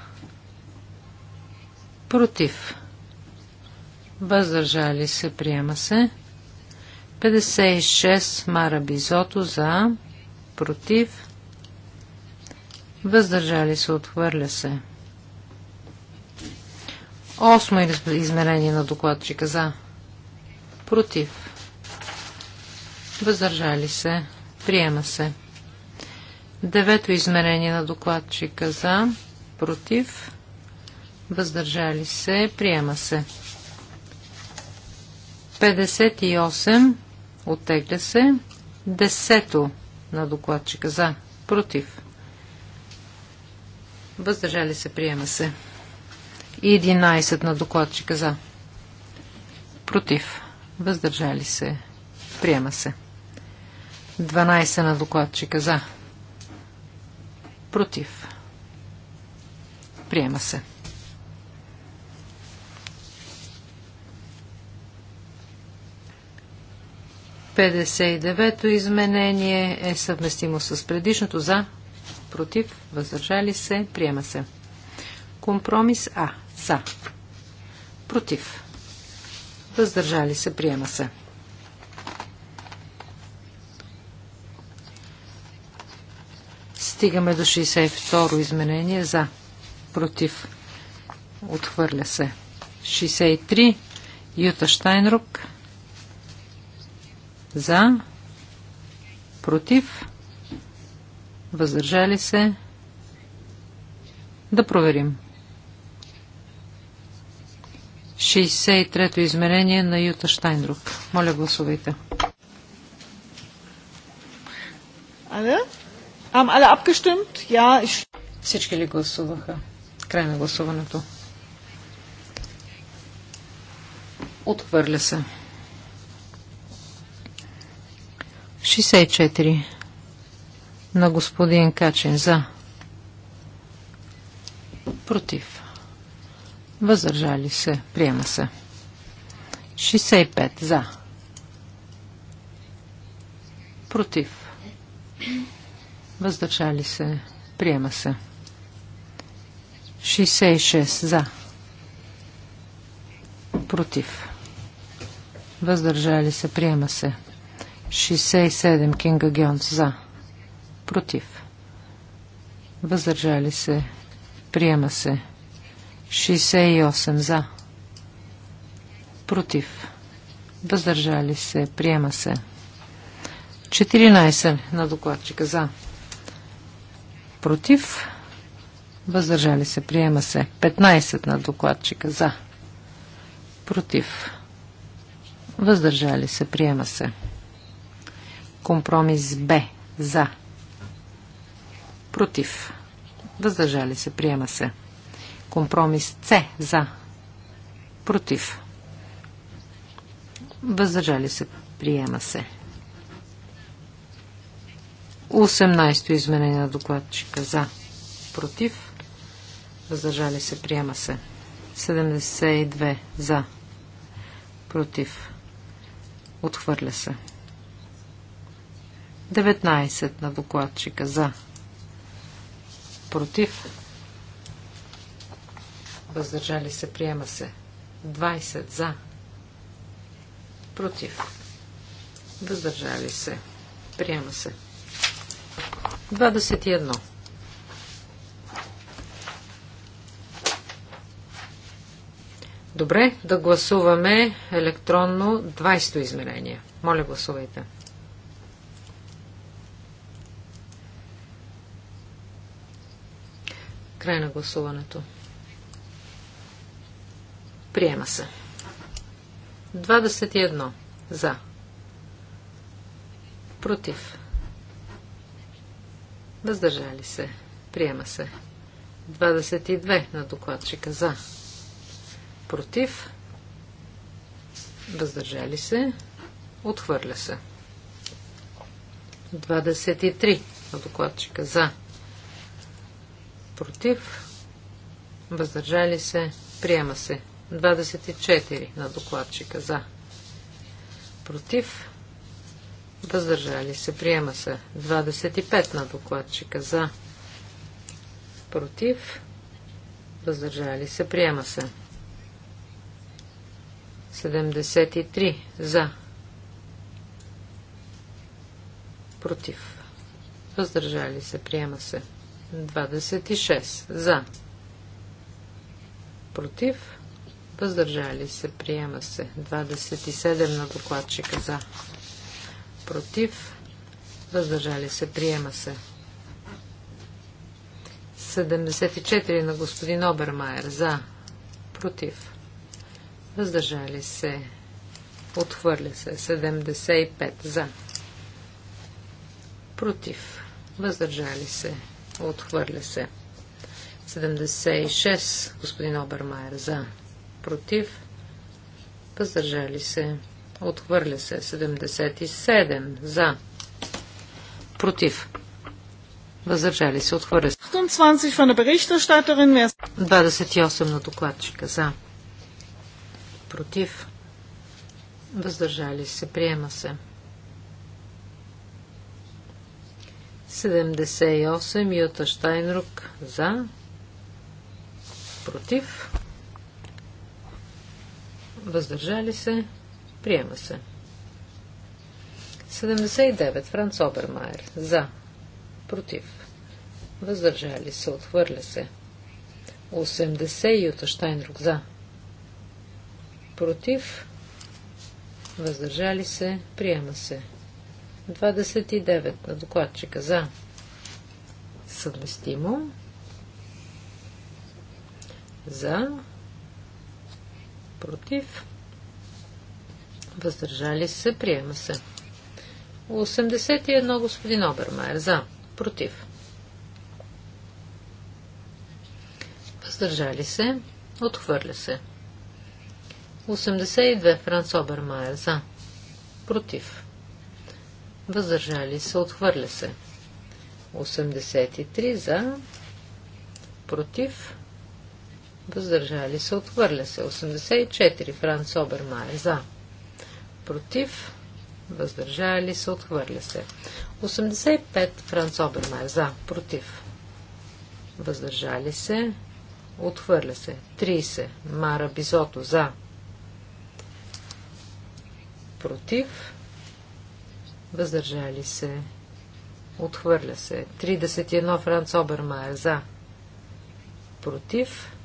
S2: Против. Въздържали се, приема се. 56 Мара Бизото за, против, въздържали се, отхвърля се. Осмо измерение на докладчика за, против, въздържали се, приема се. Девето измерение на докладчика за, против, въздържали се, приема се. 58 Оттегля се. Десето на докладчика за. Против. Въздържали се. Приема се. 11 на докладчика за. Против. Въздържали се. Приема се. 12 на докладчика за. Против. Приема се. 59-то изменение е съвместимо с предишното за, против, въздържали се, приема се. Компромис А. За. Против. Въздържали се, приема се. Стигаме до 62-ро изменение за. Против. Отхвърля се. 63. Юта Штайнрук. За. Против. Въздържали се. Да проверим. 63-то измерение на Юта Штайндрук. Моля, гласувайте. Всички ли гласуваха? Край на гласуването. Отхвърля се. 64 на господин Качин за. Против. Въздържали се. Приема се. 65 за. Против. Въздържали се. Приема се. 66 за. Против. Въздържали се. Приема се. 67 Кинга Гьонс за. Против. Въздържали се. Приема се. 68 за. Против. Въздържали се. Приема се. 14 на докладчика за. Против. Въздържали се. Приема се. 15 на докладчика за. Против. Въздържали се. Приема се. Компромис Б. За. Против. Въздържали се. Приема се. Компромис С. За. Против. Въздържали се. Приема се. 18-то изменение на докладчика. За. Против. Въздържали се. Приема се. 72. За. Против. Отхвърля се. 19 на докладчика за. Против. Въздържали се. Приема се. 20 за. Против. Въздържали се. Приема се. 21. Добре, да гласуваме електронно 20-то измерение. Моля, гласувайте. Край на гласуването. Приема се. 21. За. Против. Въздържали се. Приема се. 22 на докладчика за. Против. Въздържали се. Отхвърля се. 23 на докладчика за против, въздържали се, приема се. 24 на докладчика за, против, въздържали се, приема се. 25 на докладчика за, против, въздържали се, приема се. 73 за, против, въздържали се, приема се. 26. За. Против. Въздържали се. Приема се. 27 на докладчика. За. Против. Въздържали се. Приема се. 74 на господин Обермайер. За. Против. Въздържали се. Отхвърля се. 75. За. Против. Въздържали се. Отхвърля се. 76. Господин Обермайер. За. Против. Въздържали се. Отхвърля се. 77. За. Против. Въздържали се. Отхвърля се. 28 на докладчика. За. Против. Въздържали се. Приема се. 78 Юта Штайнрук за. Против. Въздържали се. Приема се. 79 Франц Обермайер за. Против. Въздържали се. Отхвърля се. 80 Юта Штайнрук за. Против. Въздържали се. Приема се. 29 на докладчика за съвместимо за против въздържали се приема се 81 господин Обермайер за против въздържали се отхвърля се 82 Франц Обермайер за против въздържали се, отхвърля се. 83 за, против, въздържали се, отхвърля се. 84 Франц Обермайер за, против, въздържали се, отхвърля се. 85 Франц Обермайер за, против, въздържали се, отхвърля се. 30 Мара Бизото за, против, въздържали се, отхвърля се. 31 Франц Обермайер за, против,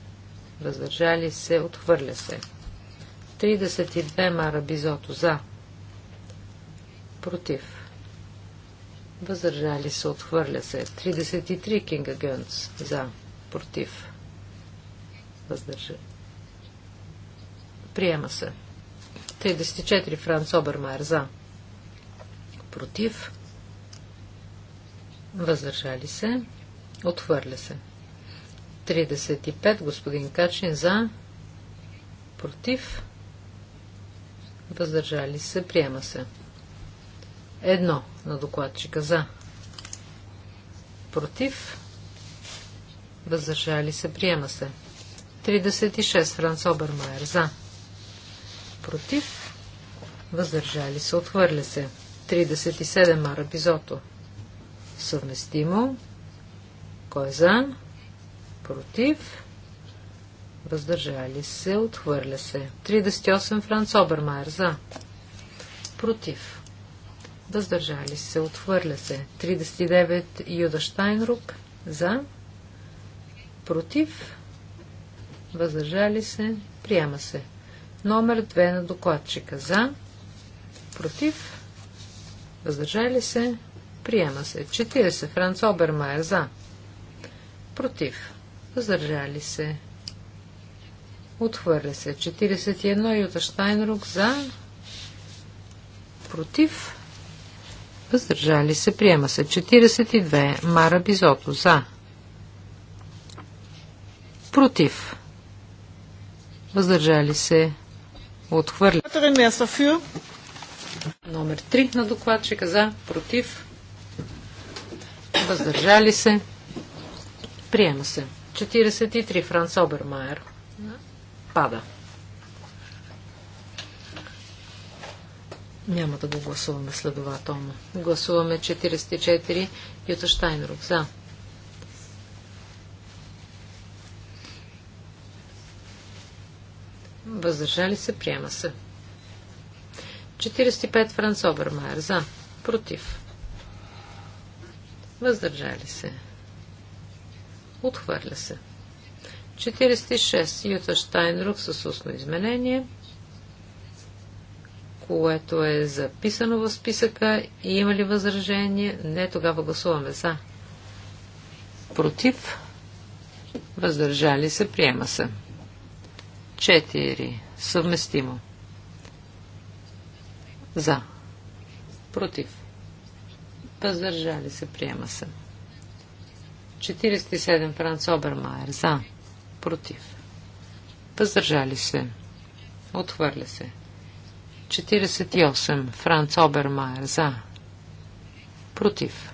S2: въздържали се, отхвърля се. 32 Мара Бизото за, против, въздържали се, отхвърля се. 33 Кинга Гънц за, против, Въздържа. Приема се. 34 Франц Обермайер за, против, въздържали се, отхвърля се. 35, господин Качин за, против, въздържали се, приема се. Едно на докладчика за, против, въздържали се, приема се. 36, Франц Обермайер за, против, въздържали се, отхвърля се. 37 арабизото. Съвместимо. Кой е за? Против. Въздържали се. Отхвърля се. 38 Франц Обермайер. За. Против. Въздържали се. Отхвърля се. 39 Юда Штайнрук. За. Против. Въздържали се. Приема се. Номер 2 на докладчика. За. Против Въздържали се. Приема се. 40. Франц Обермайер. За. Против. Въздържали се. Отхвърля се. 41. Юта Штайнрук. За. Против. Въздържали се. Приема се. 42. Мара Бизото. За. Против. Въздържали се. Отхвърля. Номер 3 на докладчика за, против, въздържали се, приема се. 43 Франц Обермайер пада. Няма да го гласуваме следователно. Гласуваме 44 Юта Штайнрук за.
S3: Въздържали
S2: се, приема се. 45 Франц Обермайер. За. Против. Въздържали се. Отхвърля се. 46 Юта Штайнрук с устно изменение, което е записано в списъка. И има ли възражение? Не, тогава гласуваме за. Против. Въздържали се. Приема се. 4. Съвместимо. За. Против. Въздържали се. Приема се. 47 Франц Обермайер. За. Против. Въздържали се. Отхвърля се. 48 Франц Обермайер. За. Против.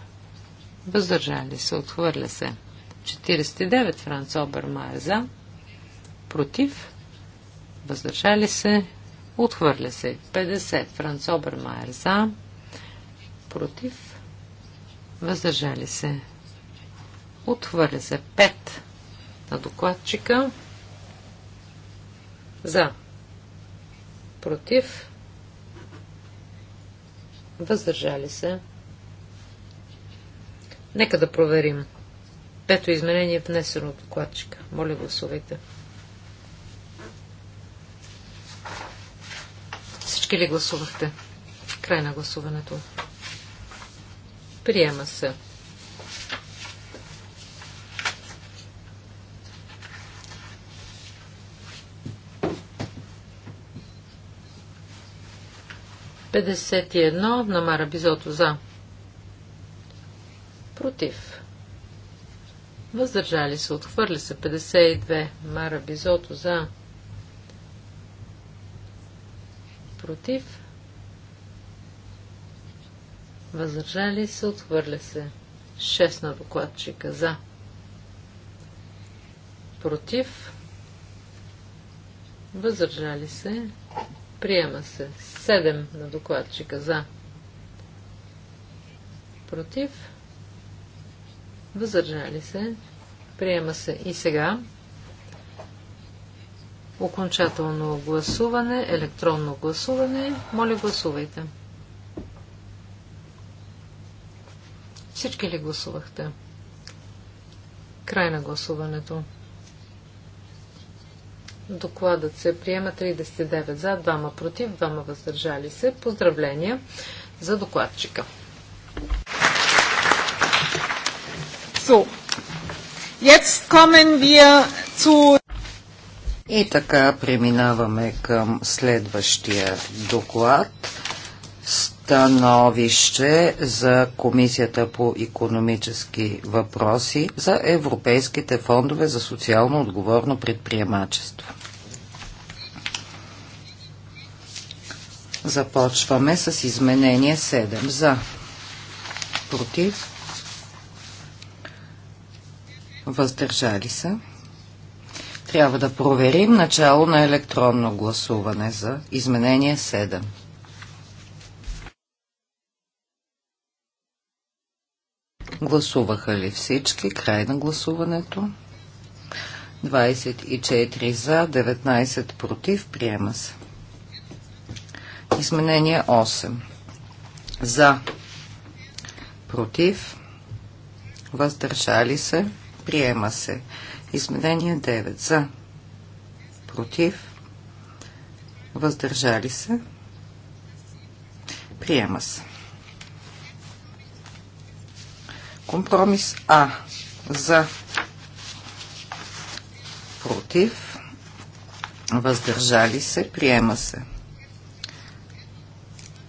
S2: Въздържали се. Отхвърля се. 49 Франц Обермайер. За. Против. Въздържали се. Отхвърля се. 50. Франц Обермайер за. Против. Въздържали се. Отхвърля се. 5. На докладчика. За. Против. Въздържали се. Нека да проверим. Пето изменение е внесено от докладчика. Моля гласувайте. Да Всички ли гласувахте? Край на гласуването. Приема се. Пятьдесят и едно на Мара Бизото за. Против. Въздържали се. Отхвърли се. 52. Мара Бизото за. против, въздържали се, отхвърля се. 6 на докладчика за, против, въздържали се, приема се. 7 на докладчика за, против, въздържали се, приема се. И сега Окончателно гласуване, електронно гласуване. Моля, гласувайте. Всички ли гласувахте? Край на гласуването. Докладът се приема 39 за, 2 против, 2 въздържали се. Поздравления за докладчика. So,
S1: jetzt kommen wir zu и така преминаваме към следващия доклад. Становище за Комисията по економически въпроси за европейските фондове за социално отговорно предприемачество. Започваме с изменение 7 за против въздържали се. Трябва да проверим начало на електронно гласуване за изменение 7. Гласуваха ли всички? Край на гласуването. 24 за, 19 против. Приема се. Изменение 8. За. Против. Въздържали се. Приема се. Изменение 9 за. Против. Въздържали се. Приема се. Компромис А за против, въздържали се, приема се.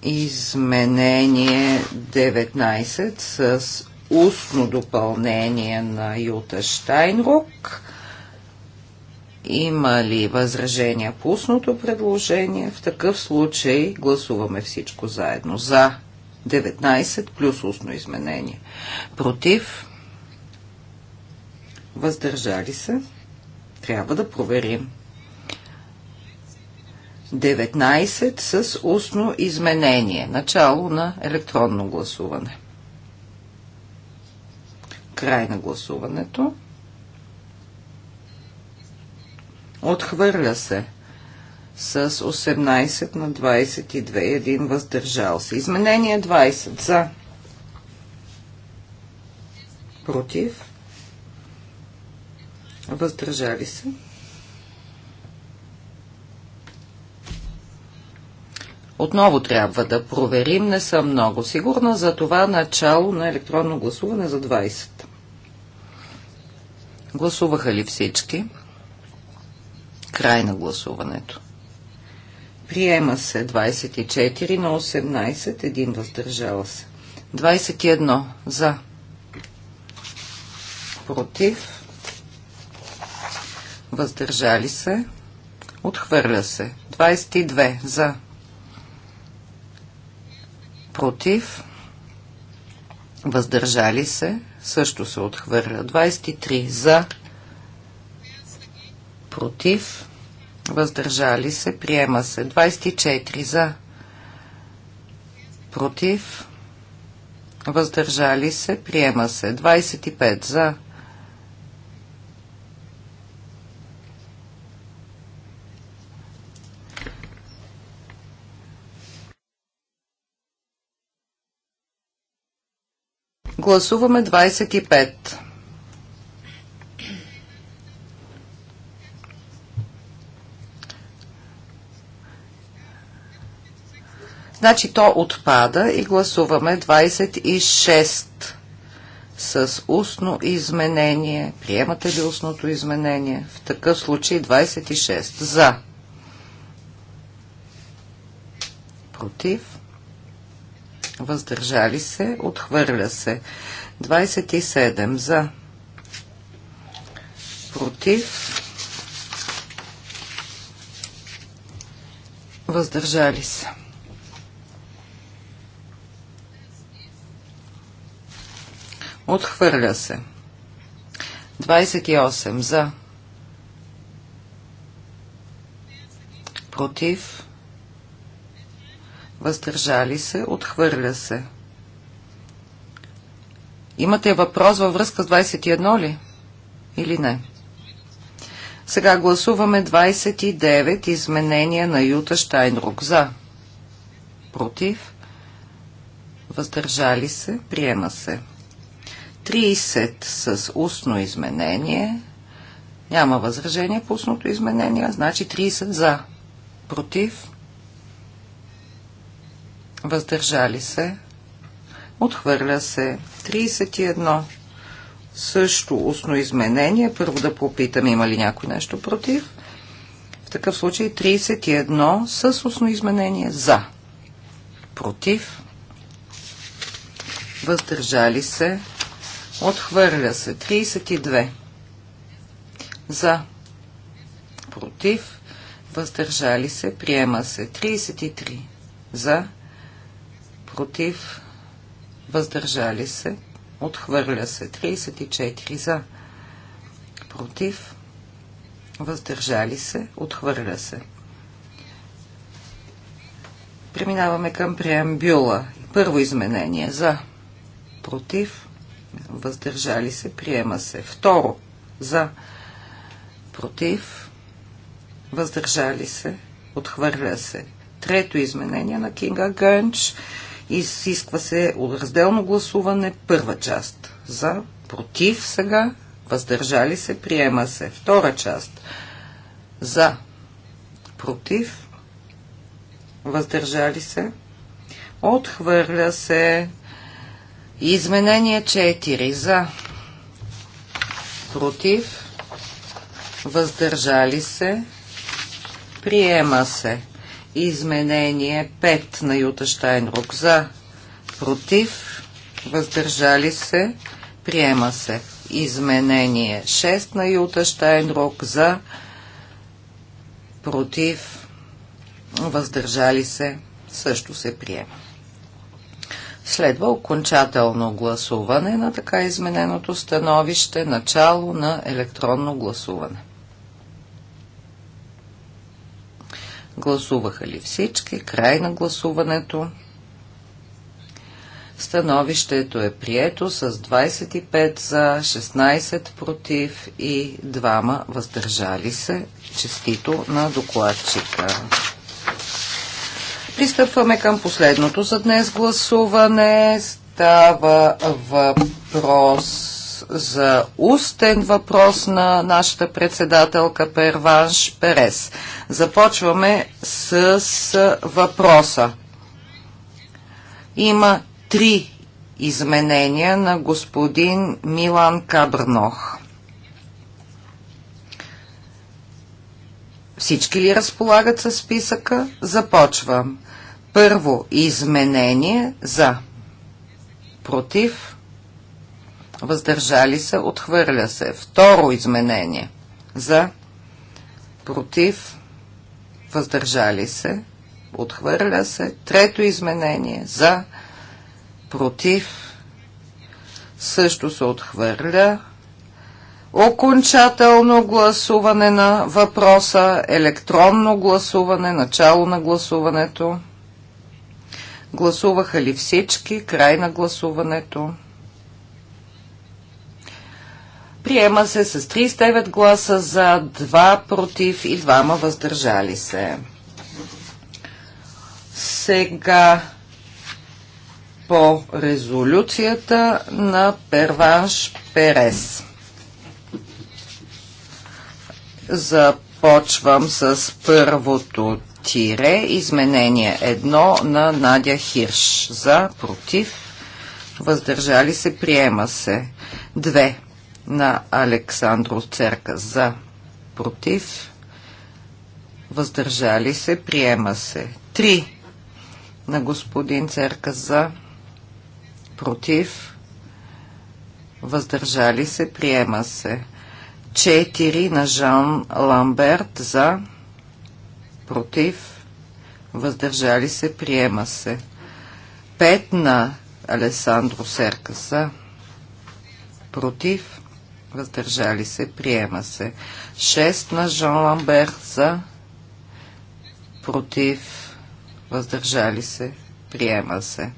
S1: Изменение 19 с устно допълнение на Юта Штайнрук. Има ли възражения по устното предложение? В такъв случай гласуваме всичко заедно. За 19 плюс устно изменение. Против? Въздържали се? Трябва да проверим. 19 с устно изменение. Начало на електронно гласуване. Край на гласуването. Отхвърля се с 18 на 22, един въздържал се. Изменение 20 за. Против. Въздържали се. Отново трябва да проверим, не съм много сигурна за това начало на електронно гласуване за 20. Гласуваха ли всички? Край на гласуването. Приема се 24 на 18, един въздържава се. 21 за. Против. Въздържали се. Отхвърля се. 22 за. Против. Въздържали се също се отхвърля. 23 за, против, въздържали се, приема се. 24 за, против, въздържали се, приема се. 25 за, против, Гласуваме 25. Значи то отпада и гласуваме 26 с устно изменение. Приемате ли устното изменение? В такъв случай 26 за. Против въздържали се, отхвърля се. 27 за, против, въздържали се. Отхвърля се. 28 за. Против въздържали се, отхвърля се. Имате въпрос във връзка с 21 ли? Или не? Сега гласуваме 29 изменения на Юта Штайнрук. За. Против. Въздържали се. Приема се. 30 с устно изменение. Няма възражение по устното изменение. Значи 30 за. Против въздържали се, отхвърля се. 31. Също устно изменение. Първо да попитам има ли някой нещо против. В такъв случай 31 с устно изменение за. Против. Въздържали се. Отхвърля се. 32. За. Против. Въздържали се. Приема се. 33. За против, въздържали се, отхвърля се. 34 за, против, въздържали се, отхвърля се. Преминаваме към преамбюла. Първо изменение за, против, въздържали се, приема се. Второ за, против, въздържали се, отхвърля се. Трето изменение на Кинга Гънч – Изисква се разделно гласуване. Първа част. За, против сега, въздържали се, приема се. Втора част. За, против, въздържали се, отхвърля се. Изменение 4 за, против, въздържали се, приема се. Изменение 5 на Юта Штайнрук. За, против, въздържали се, приема се. Изменение 6 на Юта Штайнрук. За, против, въздържали се, също се приема. Следва окончателно гласуване на така измененото становище, начало на електронно гласуване. Гласуваха ли всички? Край на гласуването. Становището е прието с 25 за, 16 против и 2 въздържали се. Честито на докладчика. Пристъпваме към последното за днес гласуване. Става въпрос за устен въпрос на нашата председателка Перванш Перес. Започваме с въпроса. Има три изменения на господин Милан Кабрнох. Всички ли разполагат със списъка? Започвам. Първо изменение за против въздържали се, отхвърля се. Второ изменение за, против, въздържали се, отхвърля се. Трето изменение за, против, също се отхвърля. Окончателно гласуване на въпроса, електронно гласуване, начало на гласуването. Гласуваха ли всички? Край на гласуването. Приема се с 39 гласа за, 2 против и 2 въздържали се. Сега по резолюцията на Перванш Перес. Започвам с първото тире, изменение 1 на Надя Хирш. За, против, въздържали се, приема се. 2 на Александро Церка за против, въздържали се, приема се. 3 на господин Церка за против, въздържали се, приема се. 4 на Жан Ламберт за против, въздържали се, приема се. 5 на Алесандро Серка за против, въздържали се, приема се. 6 на Жан Ламбер за, против, въздържали се, приема се.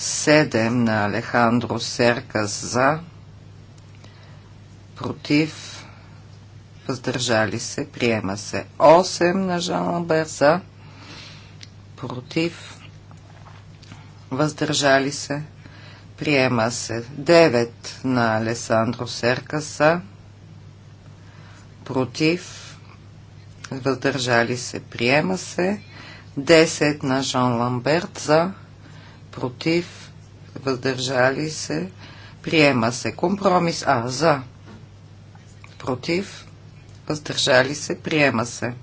S1: 7 на Алехандро Серкас за, против, въздържали се, приема се. 8 на Жан Ламбер за, против, въздържали се Приема се 9 на Алесандро Серкаса. Против. Въздържали се. Приема се 10 на Жан Ламберт за. Против. Въздържали се. Приема се компромис А за. Против. Въздържали се. Приема се.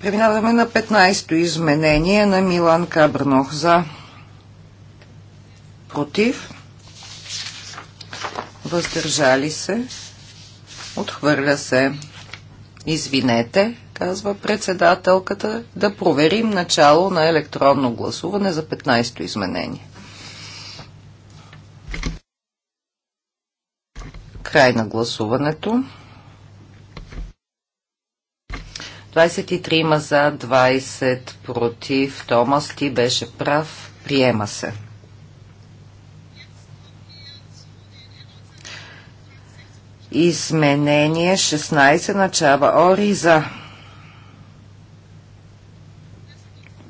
S1: Преминаваме на 15-то изменение на Милан Кабрнох за против, въздържали се, отхвърля се. Извинете, казва председателката, да проверим начало на електронно гласуване за 15-то изменение. Край на гласуването. 23 за, 20 против. Томас, ти беше прав. Приема се. Изменение 16 начава Ори за.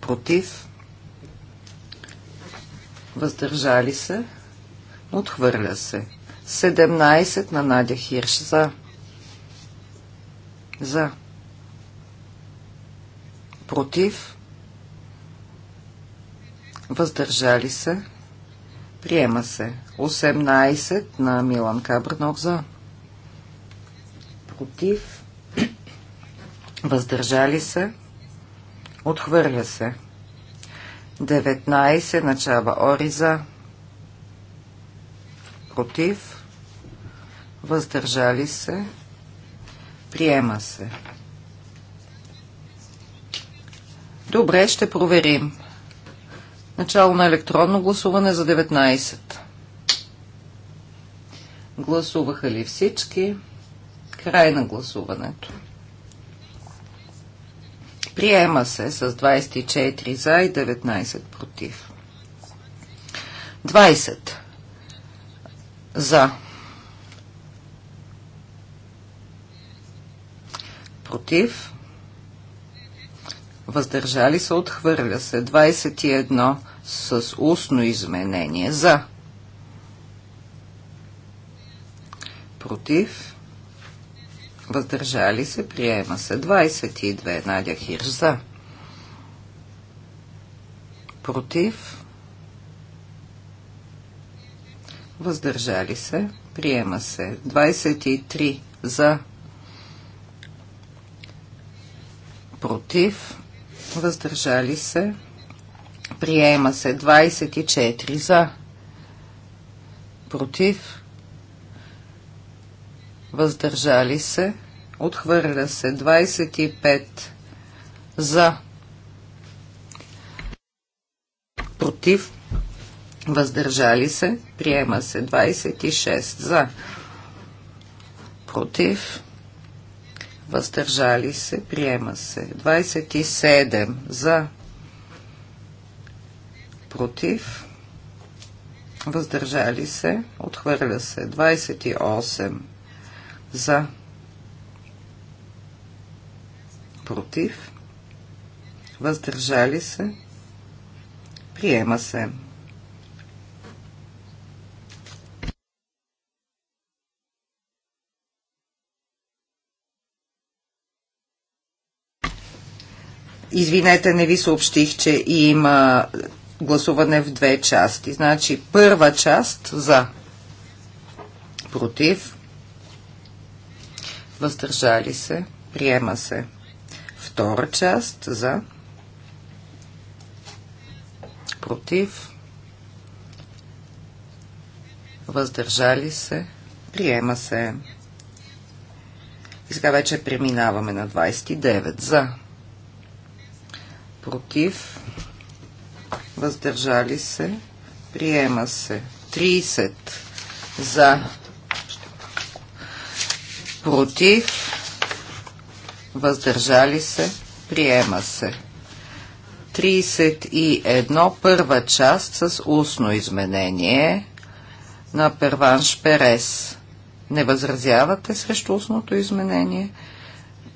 S1: Против. Въздържали се. Отхвърля се. 17 на Надя Хирш за. За против, въздържали се, приема се. 18 на Милан Кабранов за, против, въздържали се, отхвърля се. 19 начава Ориза, против, въздържали се, приема се. Добре, ще проверим. Начало на електронно гласуване за 19. Гласуваха ли всички? Край на гласуването. Приема се с 24 за и 19 против. 20 за. Против въздържали се, отхвърля се. 21 с устно изменение за, против, въздържали се, приема се. 22 Надя Хирш за, против, въздържали се, приема се. 23 за, против, въздържали се, приема се 24 за, против, въздържали се, отхвърля се 25 за, против, въздържали се, приема се 26 за, против, въздържали се, приема се. 27 за, против, въздържали се, отхвърля се. 28 за, против, въздържали се, приема се. Извинете, не ви съобщих, че има гласуване в две части. Значи първа част за против, въздържали се, приема се. Втора част за против, въздържали се, приема се. И сега вече преминаваме на 29 за против, въздържали се, приема се. 30 за, против, въздържали се, приема се. 31 първа част с устно изменение на Перванш Перес. Не възразявате срещу устното изменение?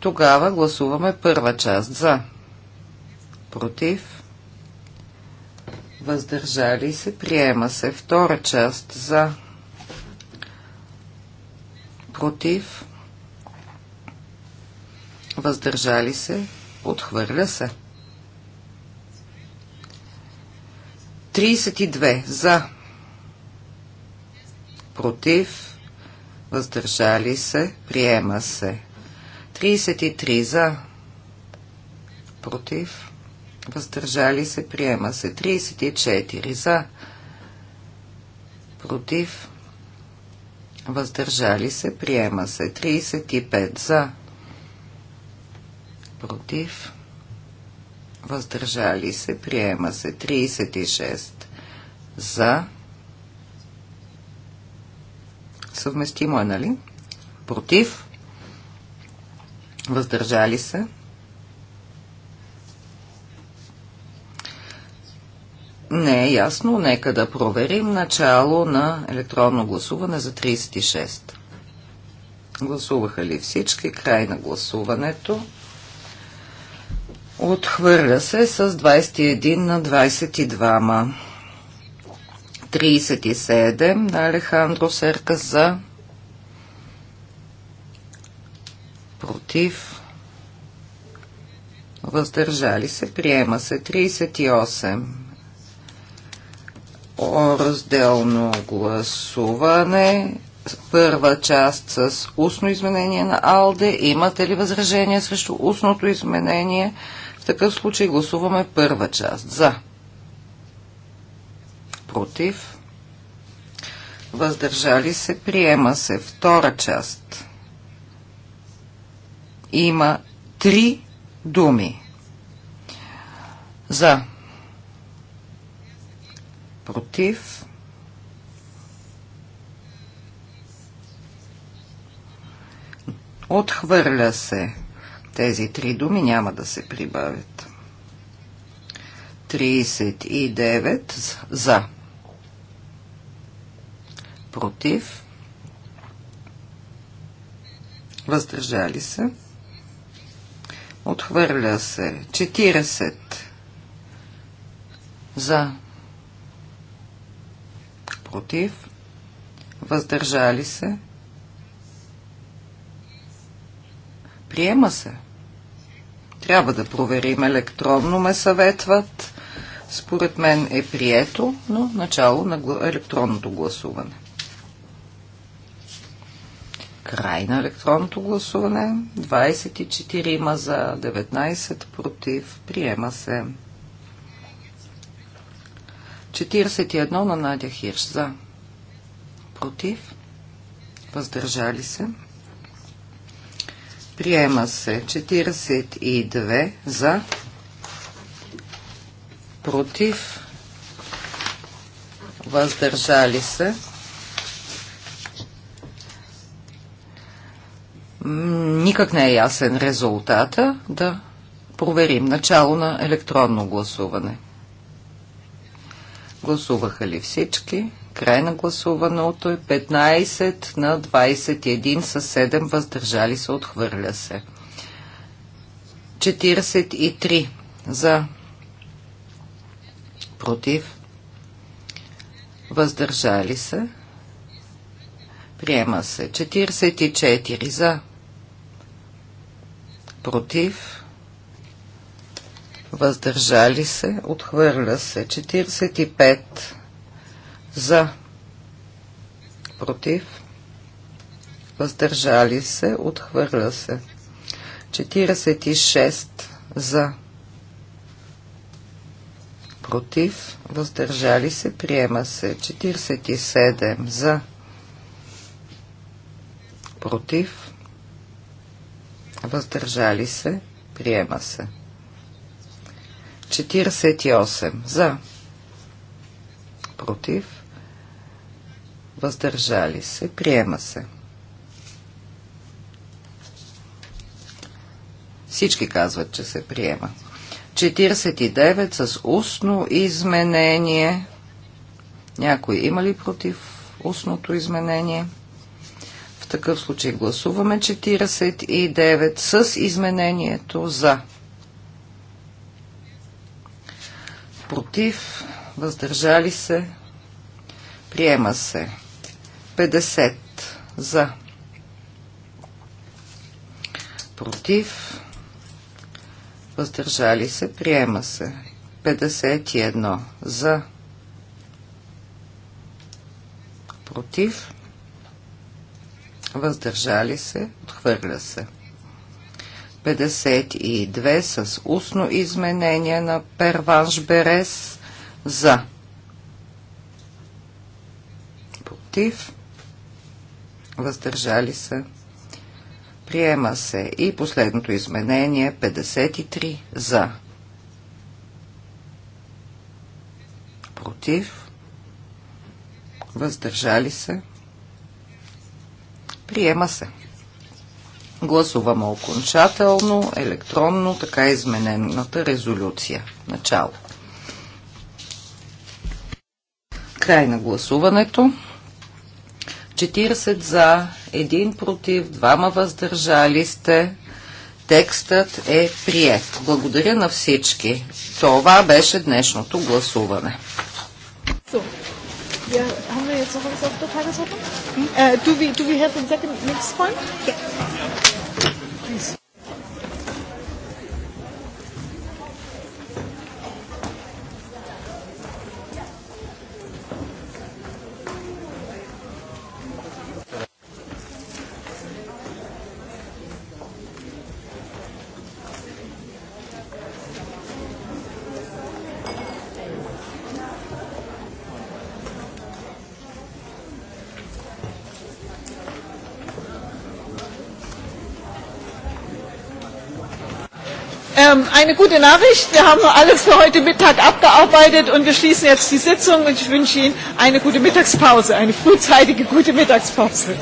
S1: Тогава гласуваме първа част за против, въздържали се, приема се. Втора част за, против, въздържали се, отхвърля се. 32 за, против, въздържали се, приема се. 33 за, против, въздържали се, приема се. 34 за, против, въздържали се, приема се. 35 за, против, въздържали се, приема се. 36 за, съвместимо е, нали? Против, въздържали се, не е ясно. Нека да проверим начало на електронно гласуване за 36. Гласуваха ли всички? Край на гласуването. Отхвърля се с 21 на 22. 37 на Алехандро Серка за против въздържали се. Приема се 38 разделно гласуване. Първа част с устно изменение на АЛДЕ. Имате ли възражение срещу устното изменение? В такъв случай гласуваме първа част. За. Против. Въздържали се. Приема се. Втора част. Има три думи. За против. Отхвърля се. Тези три думи няма да се прибавят. 39 за. Против. Въздържали се. Отхвърля се. 40 за против, въздържали се, приема се. Трябва да проверим електронно, ме съветват. Според мен е прието, но начало на електронното гласуване. Край на електронното гласуване. 24 има за 19 против. Приема се. 41 на Надя Хирш. За. Против. Въздържали се. Приема се 42 за. Против. Въздържали се. Никак не е ясен резултата. Да проверим. Начало на електронно гласуване. Гласуваха ли всички? Край на гласуваното е 15 на 21 с 7 въздържали се, отхвърля се. 43 за против въздържали се. Приема се 44 за против въздържали се, отхвърля се. 45 за, против, въздържали се, отхвърля се. 46 за, против, въздържали се, приема се. 47 за, против, въздържали се, приема се. 48 за, против, въздържали се, приема се. Всички казват, че се приема. 49 с устно изменение. Някой има ли против устното изменение? В такъв случай гласуваме 49 с изменението за. против, въздържали се, приема се. 50 за, против, въздържали се, приема се. 51 за, против, въздържали се, отхвърля се. 52 с устно изменение на Перванш Берес за. Против. Въздържали се. Приема се и последното изменение 53 за. Против. Въздържали се. Приема се. Гласуваме окончателно, електронно, така изменената резолюция. Начало. Край на гласуването. 40 за, 1 против, 2 въздържали сте. Текстът е прият. Благодаря на всички. Това беше днешното гласуване.
S3: Ja, haben wir jetzt noch was auf der Tagesordnung? Hm? Äh, do, we, do we have the second next point? Ja. Ähm, eine gute Nachricht.
S1: Wir haben alles für heute Mittag abgearbeitet und wir schließen jetzt die Sitzung und ich wünsche Ihnen eine gute Mittagspause, eine frühzeitige gute Mittagspause.